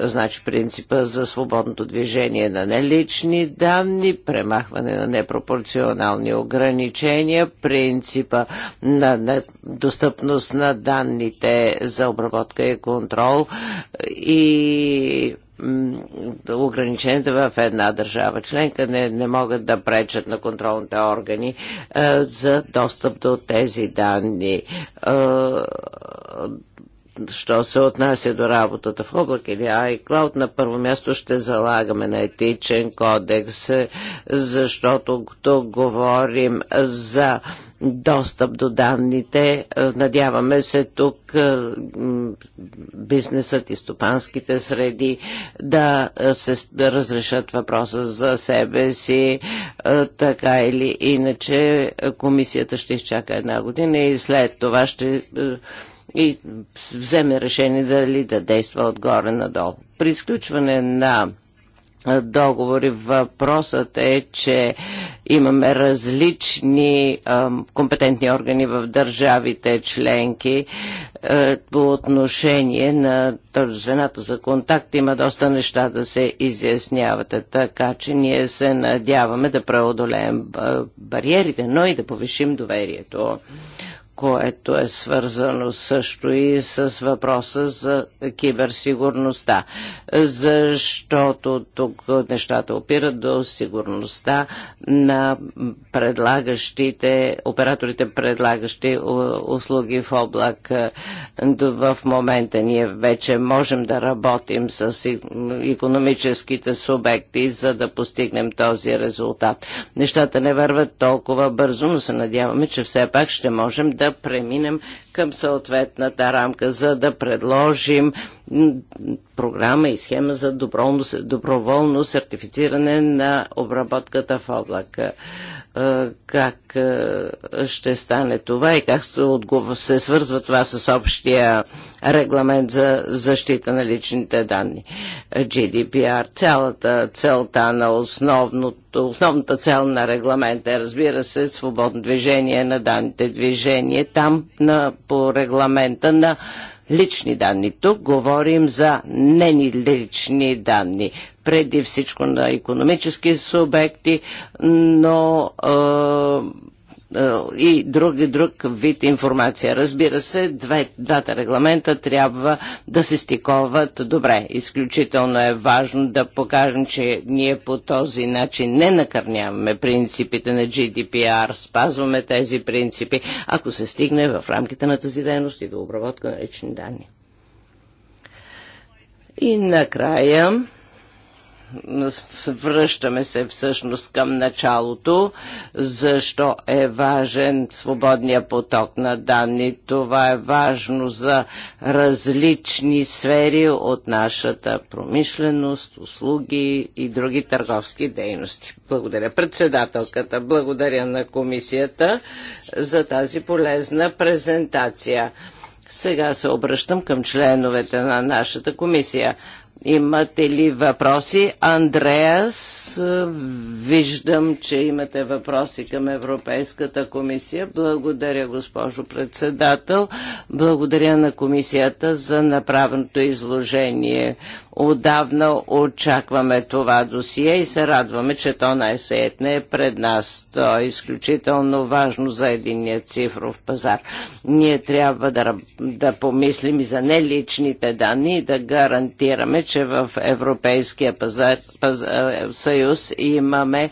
значи принципа за свободното движение на нелични данни, премахване на непропорционални ограничения, принципа на, достъпност на данните за обработка и контрол и ограниченията в една държава членка не, не могат да пречат на контролните органи е, за достъп до тези данни. Е, Що се отнася до работата в облак или iCloud, на първо място ще залагаме на етичен кодекс, защото тук говорим за достъп до данните. Надяваме се тук е, бизнесът и стопанските среди да е, се разрешат въпроса за себе си. Е, така или иначе комисията ще изчака една година и след това ще и вземе решение дали да действа отгоре надолу. При изключване на договори. Въпросът е, че имаме различни а, компетентни органи в държавите членки а, по отношение на звената за контакт. Има доста неща да се изясняват, така че ние се надяваме да преодолеем бариерите, но и да повишим доверието което е свързано също и с въпроса за киберсигурността, защото тук нещата опират до сигурността на предлагащите, операторите предлагащи услуги в облак. В момента ние вече можем да работим с економическите субекти, за да постигнем този резултат. Нещата не върват толкова бързо, но се надяваме, че все пак ще можем да да преминем към съответната рамка, за да предложим програма и схема за доброволно, доброволно сертифициране на обработката в облака как ще стане това и как се, свързва това с общия регламент за защита на личните данни. GDPR, цялата целта на основното, основната цел на регламента е, разбира се, свободно движение на данните, движение там на, по регламента на лични данни. Тук говорим за нелични данни. Преди всичко на економически субекти, но е, е, и друг, друг вид информация. Разбира се, две, двата регламента трябва да се стиковат добре. Изключително е важно да покажем, че ние по този начин не накърняваме принципите на GDPR, спазваме тези принципи, ако се стигне в рамките на тази дейност и до обработка на лични данни. И накрая връщаме се всъщност към началото, защо е важен свободния поток на данни. Това е важно за различни сфери от нашата промишленост, услуги и други търговски дейности. Благодаря председателката, благодаря на комисията за тази полезна презентация. Сега се обръщам към членовете на нашата комисия. Имате ли въпроси? Андреас, виждам, че имате въпроси към Европейската комисия. Благодаря, госпожо председател. Благодаря на комисията за направеното изложение. Отдавна очакваме това досие и се радваме, че то най-сетне е пред нас. То е изключително важно за единия цифров пазар. Ние трябва да, да помислим и за неличните данни и да гарантираме, че че в Европейския пазар, е, съюз имаме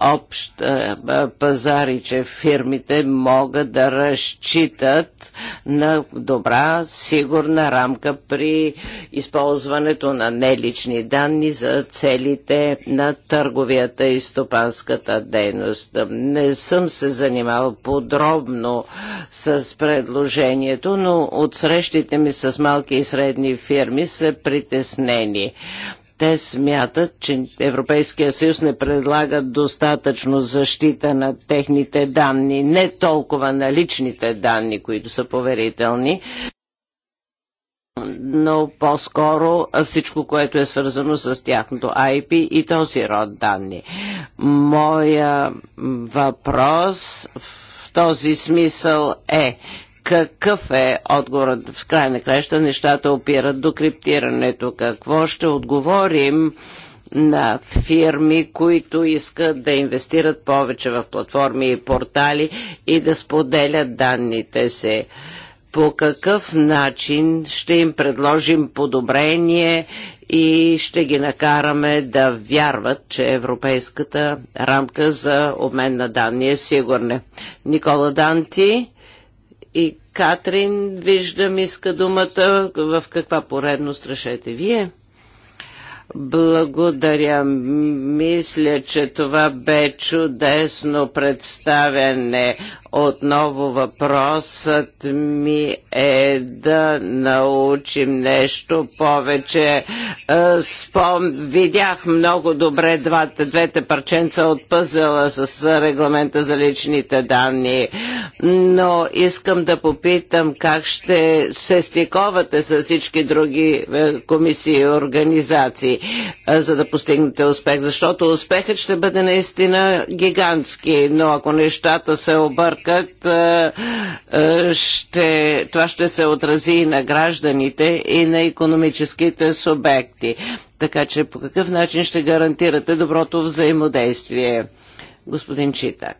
общ е, е, пазар и че фирмите могат да разчитат на добра, сигурна рамка при използването на нелични данни за целите на търговията и стопанската дейност. Не съм се занимавал подробно с предложението, но от срещите ми с малки и средни фирми са притеснени. Те смятат, че Европейския съюз не предлага достатъчно защита на техните данни, не толкова на личните данни, които са поверителни, но по-скоро всичко, което е свързано с тяхното IP и този род данни. Моя въпрос в този смисъл е какъв е отговорът. В край на краща нещата опират до криптирането. Какво ще отговорим на фирми, които искат да инвестират повече в платформи и портали и да споделят данните си? По какъв начин ще им предложим подобрение и ще ги накараме да вярват, че европейската рамка за обмен на данни е сигурна. Никола Данти, и Катрин, виждам, иска думата. В каква поредност решете вие? Благодаря. Мисля, че това бе чудесно представяне отново въпросът ми е да научим нещо повече. Е, спом... Видях много добре двата, двете парченца от пъзела с регламента за личните данни, но искам да попитам как ще се стиковате с всички други е, комисии и организации, е, за да постигнете успех, защото успехът ще бъде наистина гигантски, но ако нещата се обърнат, как ще, това ще се отрази и на гражданите, и на економическите субекти. Така че по какъв начин ще гарантирате доброто взаимодействие, господин Читак?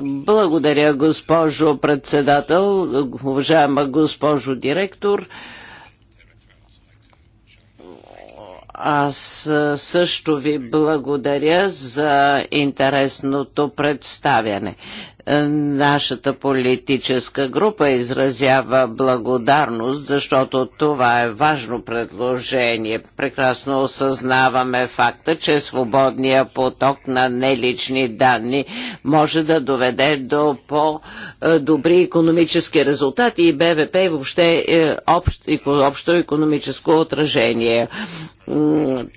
Благодаря, госпожо председател, уважаема госпожо директор. Аз също ви благодаря за интересното представяне. Нашата политическа група изразява благодарност, защото това е важно предложение. Прекрасно осъзнаваме факта, че свободния поток на нелични данни може да доведе до по-добри економически резултати и БВП и е въобще е общо економическо отражение.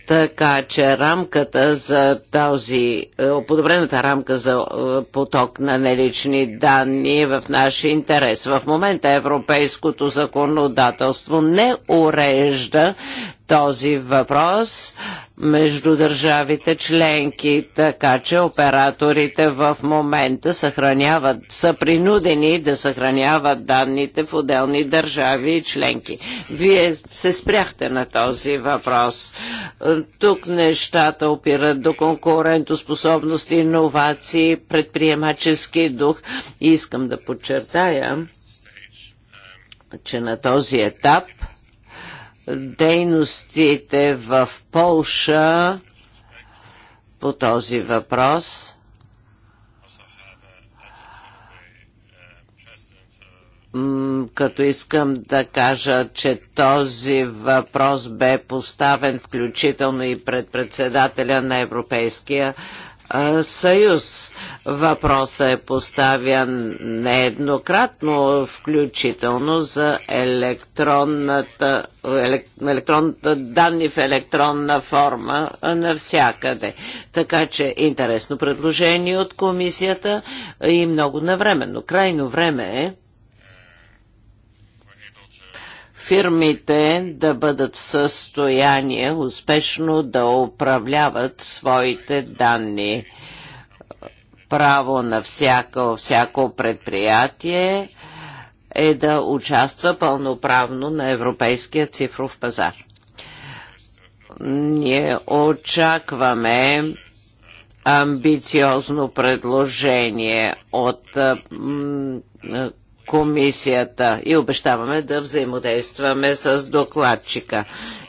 Така че рамката за този, е, подобрената рамка за е, поток на нелични лични данни в наш интерес. В момента европейското законодателство не урежда този въпрос между държавите членки, така че операторите в момента съхраняват, са принудени да съхраняват данните в отделни държави и членки. Вие се спряхте на този въпрос. Тук нещата опират до конкурентоспособност, иновации, предприемачески дух. Искам да подчертая, че на този етап – дейностите в Полша по този въпрос. като искам да кажа, че този въпрос бе поставен включително и пред председателя на Европейския съюз. Въпросът е поставян нееднократно, включително за електронната, електронната данни в електронна форма навсякъде. Така че интересно предложение от комисията и много навременно. Крайно време е фирмите да бъдат в състояние успешно да управляват своите данни. Право на всяко, всяко предприятие е да участва пълноправно на европейския цифров пазар. Ние очакваме амбициозно предложение от комисията и обещаваме да взаимодействаме с докладчика.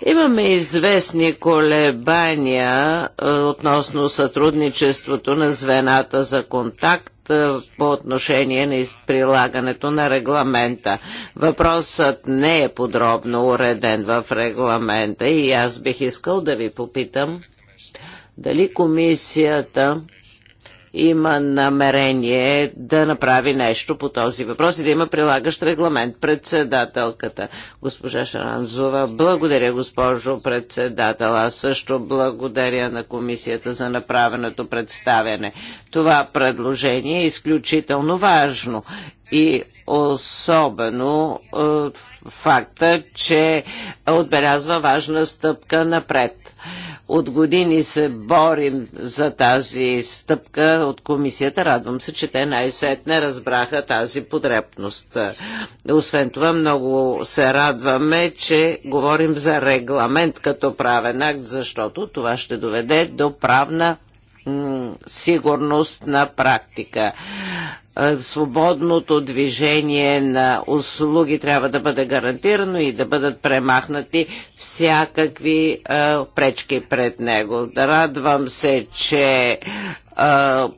Имаме известни колебания е, относно сътрудничеството на звената за контакт е, по отношение на прилагането на регламента. Въпросът не е подробно уреден в регламента и аз бих искал да ви попитам дали комисията има намерение да направи нещо по този въпрос и да има прилагащ регламент. Председателката, госпожа Шаранзова, благодаря госпожо председател. Аз също благодаря на комисията за направеното представяне. Това предложение е изключително важно и особено е, факта, че отбелязва важна стъпка напред. От години се борим за тази стъпка от комисията. Радвам се, че те най-сетне разбраха тази подрепност. Освен това, много се радваме, че говорим за регламент като правен акт, защото това ще доведе до правна сигурност на практика. Е, свободното движение на услуги трябва да бъде гарантирано и да бъдат премахнати всякакви е, пречки пред него. Радвам се, че е,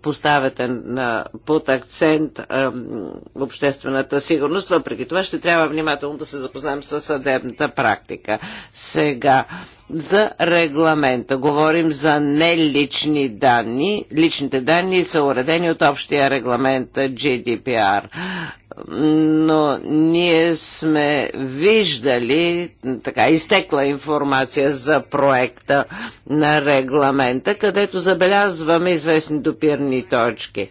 поставяте на, под акцент обществената сигурност. Въпреки това ще трябва внимателно да се запознаем с съдебната практика. Сега за регламента. Говорим за нелични данни. Личните данни са уредени от общия регламент GDPR но ние сме виждали така изтекла информация за проекта на регламента, където забелязваме известни допирни точки.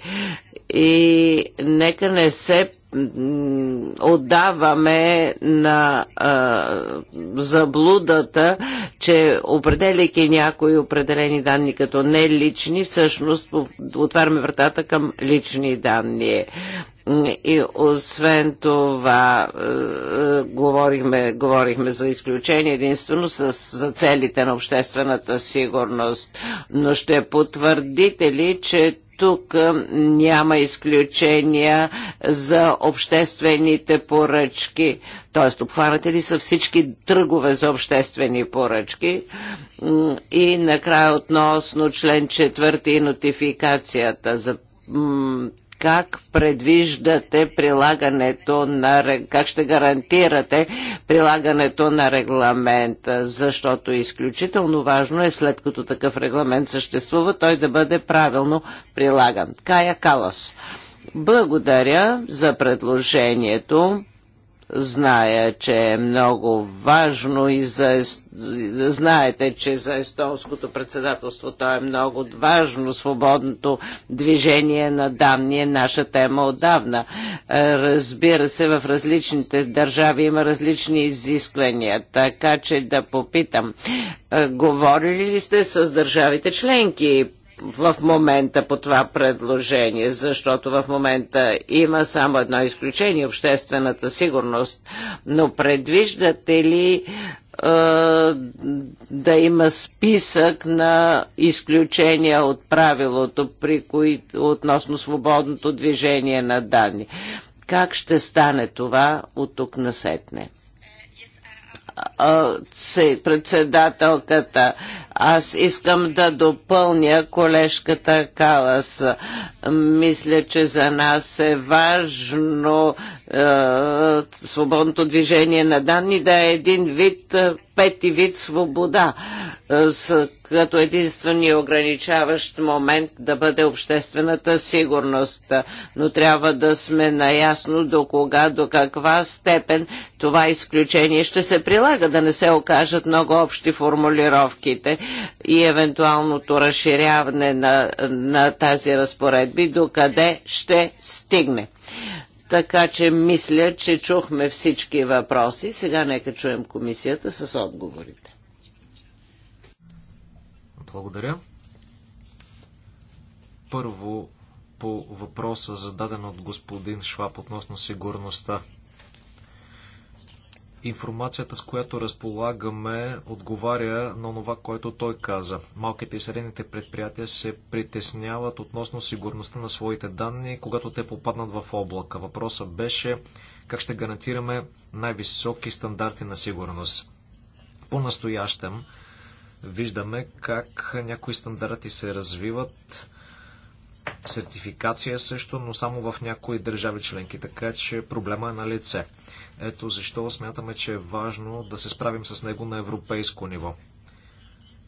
И нека не се отдаваме на а, заблудата, че определяйки някои определени данни като не лични, всъщност отваряме вратата към лични данни. И освен това, е, е, говорихме, говорихме за изключение единствено с, за целите на обществената сигурност. Но ще потвърдите ли, че тук е, няма изключения за обществените поръчки. Т.е. обхванате ли са всички търгове за обществени поръчки? И накрая относно член 4 и нотификацията за как предвиждате прилагането на, как ще гарантирате прилагането на регламента, защото изключително важно е след като такъв регламент съществува, той да бъде правилно прилаган. Кая Калас. Благодаря за предложението. Зная, че е много важно и за... знаете, че за естонското председателство то е много важно. Свободното движение на данни е наша тема отдавна. Е, разбира се, в различните държави има различни изисквания, така че да попитам, е, говорили ли сте с държавите членки в момента по това предложение, защото в момента има само едно изключение обществената сигурност. Но предвиждате ли е, да има списък на изключения от правилото при кои, относно свободното движение на данни. Как ще стане това от тук насетне? Председателката аз искам да допълня колежката Калас. Мисля, че за нас е важно е, свободното движение на данни да е един вид, е, пети вид свобода, е, с, като единствения ограничаващ момент да бъде обществената сигурност. Но трябва да сме наясно до кога, до каква степен това изключение ще се прилага, да не се окажат много общи формулировките и евентуалното разширяване на, на тази разпоредби, докъде ще стигне. Така че мисля, че чухме всички въпроси. Сега нека чуем комисията с отговорите. Благодаря. Първо по въпроса зададен от господин Шваб относно сигурността информацията, с която разполагаме, отговаря на това, което той каза. Малките и средните предприятия се притесняват относно сигурността на своите данни, когато те попаднат в облака. Въпросът беше как ще гарантираме най-високи стандарти на сигурност. По-настоящем виждаме как някои стандарти се развиват, сертификация също, но само в някои държави членки, така че проблема е на лице. Ето защо смятаме, че е важно да се справим с него на европейско ниво.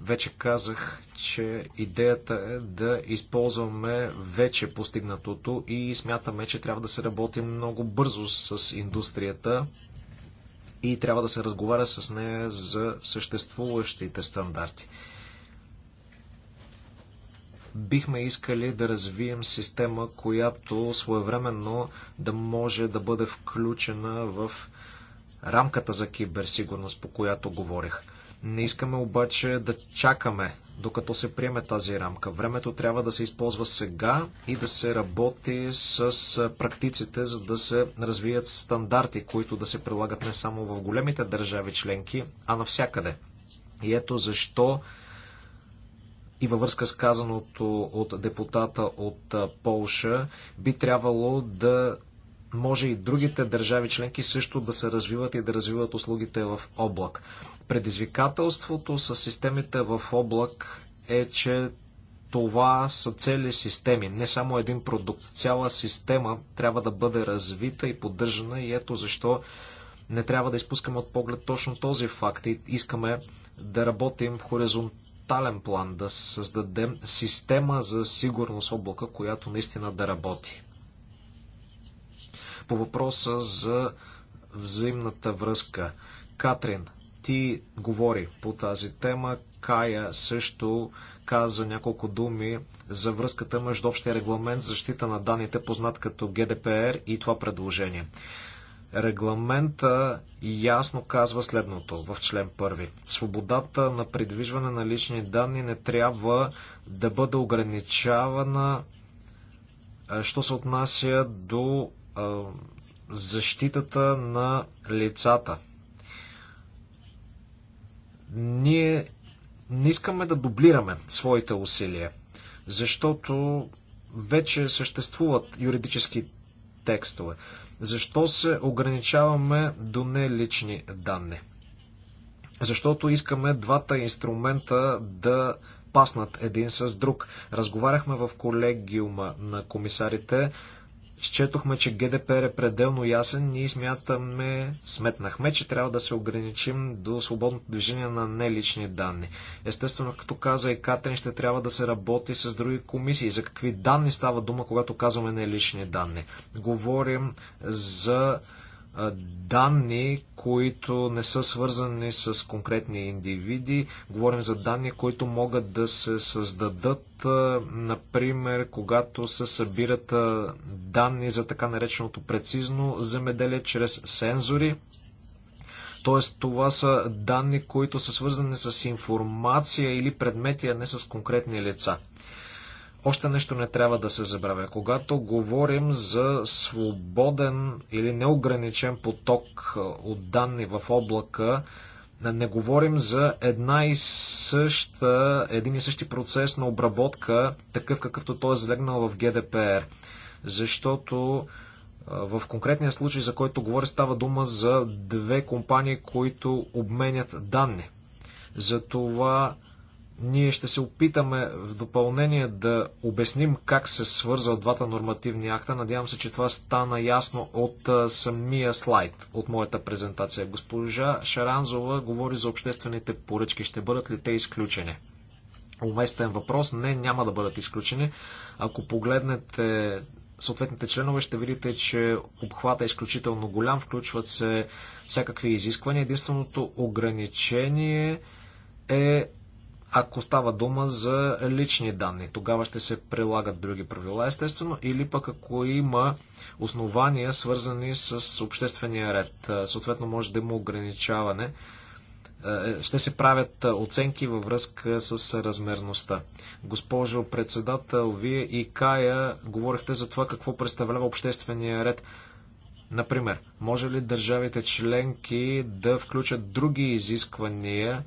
Вече казах, че идеята е да използваме вече постигнатото и смятаме, че трябва да се работи много бързо с индустрията и трябва да се разговаря с нея за съществуващите стандарти. Бихме искали да развием система, която своевременно да може да бъде включена в рамката за киберсигурност, по която говорих. Не искаме обаче да чакаме, докато се приеме тази рамка. Времето трябва да се използва сега и да се работи с практиците, за да се развият стандарти, които да се прилагат не само в големите държави членки, а навсякъде. И ето защо и във връзка с казаното от депутата от Полша, би трябвало да може и другите държави членки също да се развиват и да развиват услугите в облак. Предизвикателството с системите в облак е, че това са цели системи, не само един продукт. Цяла система трябва да бъде развита и поддържана и ето защо не трябва да изпускаме от поглед точно този факт и искаме да работим в хоризонтален план, да създадем система за сигурност облака, която наистина да работи. По въпроса за взаимната връзка. Катрин, ти говори по тази тема. Кая също каза няколко думи за връзката между общия регламент защита на данните, познат като ГДПР и това предложение. Регламента ясно казва следното в член 1. Свободата на придвижване на лични данни не трябва да бъде ограничавана, що се отнася до защитата на лицата. Ние не искаме да дублираме своите усилия, защото вече съществуват юридически текстове. Защо се ограничаваме до нелични данни? Защото искаме двата инструмента да паснат един с друг. Разговаряхме в колегиума на комисарите Изчетохме, че ГДПР е пределно ясен. Ние смятаме, сметнахме, че трябва да се ограничим до свободното движение на нелични данни. Естествено, като каза и Катрин, ще трябва да се работи с други комисии. За какви данни става дума, когато казваме нелични данни? Говорим за данни, които не са свързани с конкретни индивиди. Говорим за данни, които могат да се създадат, например, когато се събират данни за така нареченото прецизно земеделие чрез сензори. Тоест, това са данни, които са свързани с информация или предмети, а не с конкретни лица. Още нещо не трябва да се забравя. Когато говорим за свободен или неограничен поток от данни в облака, не говорим за една и съща, един и същи процес на обработка, такъв какъвто той е залегнал в ГДПР. Защото в конкретния случай, за който говоря, става дума за две компании, които обменят данни. Затова това ние ще се опитаме в допълнение да обясним как се свързват двата нормативни акта. Надявам се, че това стана ясно от самия слайд, от моята презентация. Госпожа Шаранзова говори за обществените поръчки. Ще бъдат ли те изключени? Уместен въпрос. Не, няма да бъдат изключени. Ако погледнете съответните членове ще видите, че обхвата е изключително голям, включват се всякакви изисквания. Единственото ограничение е ако става дума за лични данни. Тогава ще се прилагат други правила, естествено, или пък ако има основания, свързани с обществения ред. Съответно, може да има ограничаване. Ще се правят оценки във връзка с размерността. Госпожо председател, вие и Кая говорихте за това какво представлява обществения ред. Например, може ли държавите членки да включат други изисквания,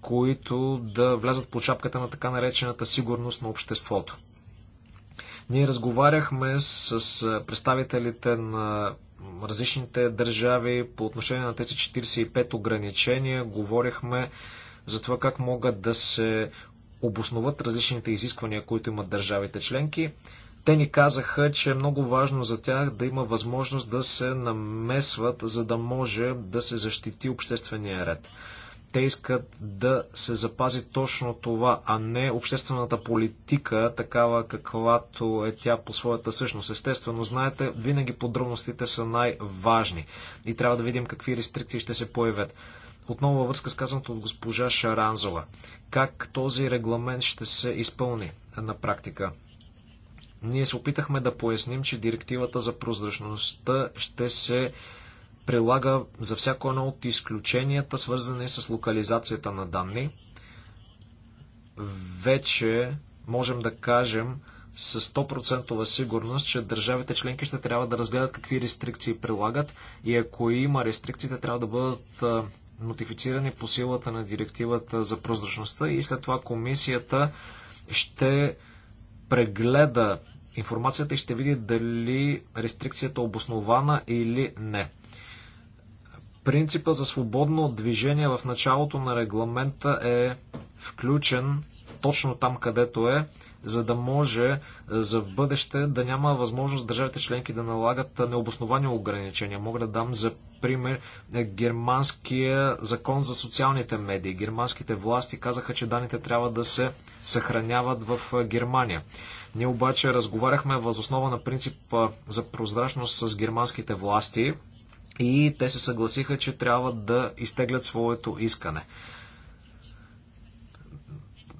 които да влязат по чапката на така наречената сигурност на обществото. Ние разговаряхме с представителите на различните държави по отношение на тези 45 ограничения. Говорихме за това как могат да се обосноват различните изисквания, които имат държавите членки. Те ни казаха, че е много важно за тях да има възможност да се намесват, за да може да се защити обществения ред. Те искат да се запази точно това, а не обществената политика, такава каквато е тя по своята същност. Естествено, знаете, винаги подробностите са най-важни и трябва да видим какви рестрикции ще се появят. Отново във връзка с казаното от госпожа Шаранзова. Как този регламент ще се изпълни на практика? Ние се опитахме да поясним, че директивата за прозрачността ще се прилага за всяко едно от изключенията, свързани с локализацията на данни. Вече можем да кажем с 100% сигурност, че държавите членки ще трябва да разгледат какви рестрикции прилагат и ако има рестрикциите, трябва да бъдат нотифицирани по силата на директивата за прозрачността и след това комисията ще прегледа информацията и ще види дали рестрикцията е обоснована или не. Принципа за свободно движение в началото на регламента е включен точно там, където е, за да може е, за бъдеще да няма възможност държавите членки да налагат необосновани ограничения. Мога да дам за пример е, германския закон за социалните медии. Германските власти казаха, че данните трябва да се съхраняват в е, Германия. Ние обаче разговаряхме възоснова на принцип за прозрачност с германските власти и те се съгласиха, че трябва да изтеглят своето искане.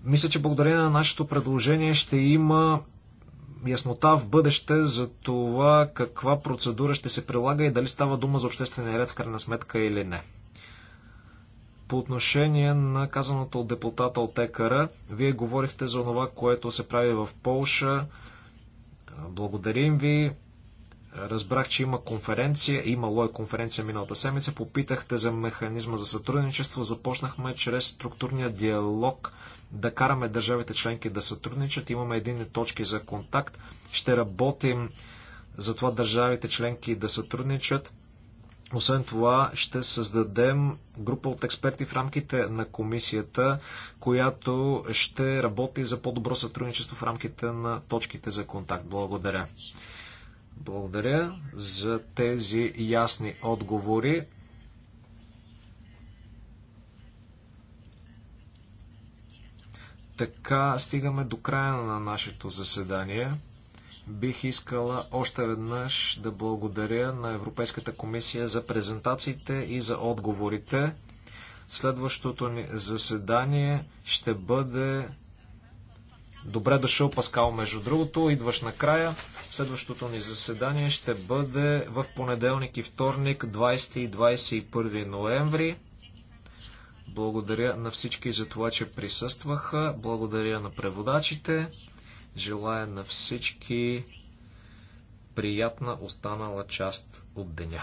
Мисля, че благодарение на нашето предложение ще има яснота в бъдеще за това каква процедура ще се прилага и дали става дума за обществения ред в крайна сметка или не. По отношение на казаното от депутата от ЕКР, вие говорихте за това, което се прави в Полша. Благодарим ви. Разбрах, че има конференция, имало е конференция миналата седмица, попитахте за механизма за сътрудничество, започнахме чрез структурния диалог да караме държавите членки да сътрудничат, имаме едини точки за контакт, ще работим за това държавите членки да сътрудничат. Освен това, ще създадем група от експерти в рамките на комисията, която ще работи за по-добро сътрудничество в рамките на точките за контакт. Благодаря. Благодаря за тези ясни отговори. Така стигаме до края на нашето заседание. Бих искала още веднъж да благодаря на Европейската комисия за презентациите и за отговорите. Следващото ни заседание ще бъде Добре дошъл, Паскал, между другото. Идваш накрая. Следващото ни заседание ще бъде в понеделник и вторник, 20 и 21 ноември. Благодаря на всички за това, че присъстваха. Благодаря на преводачите. Желая на всички приятна останала част от деня.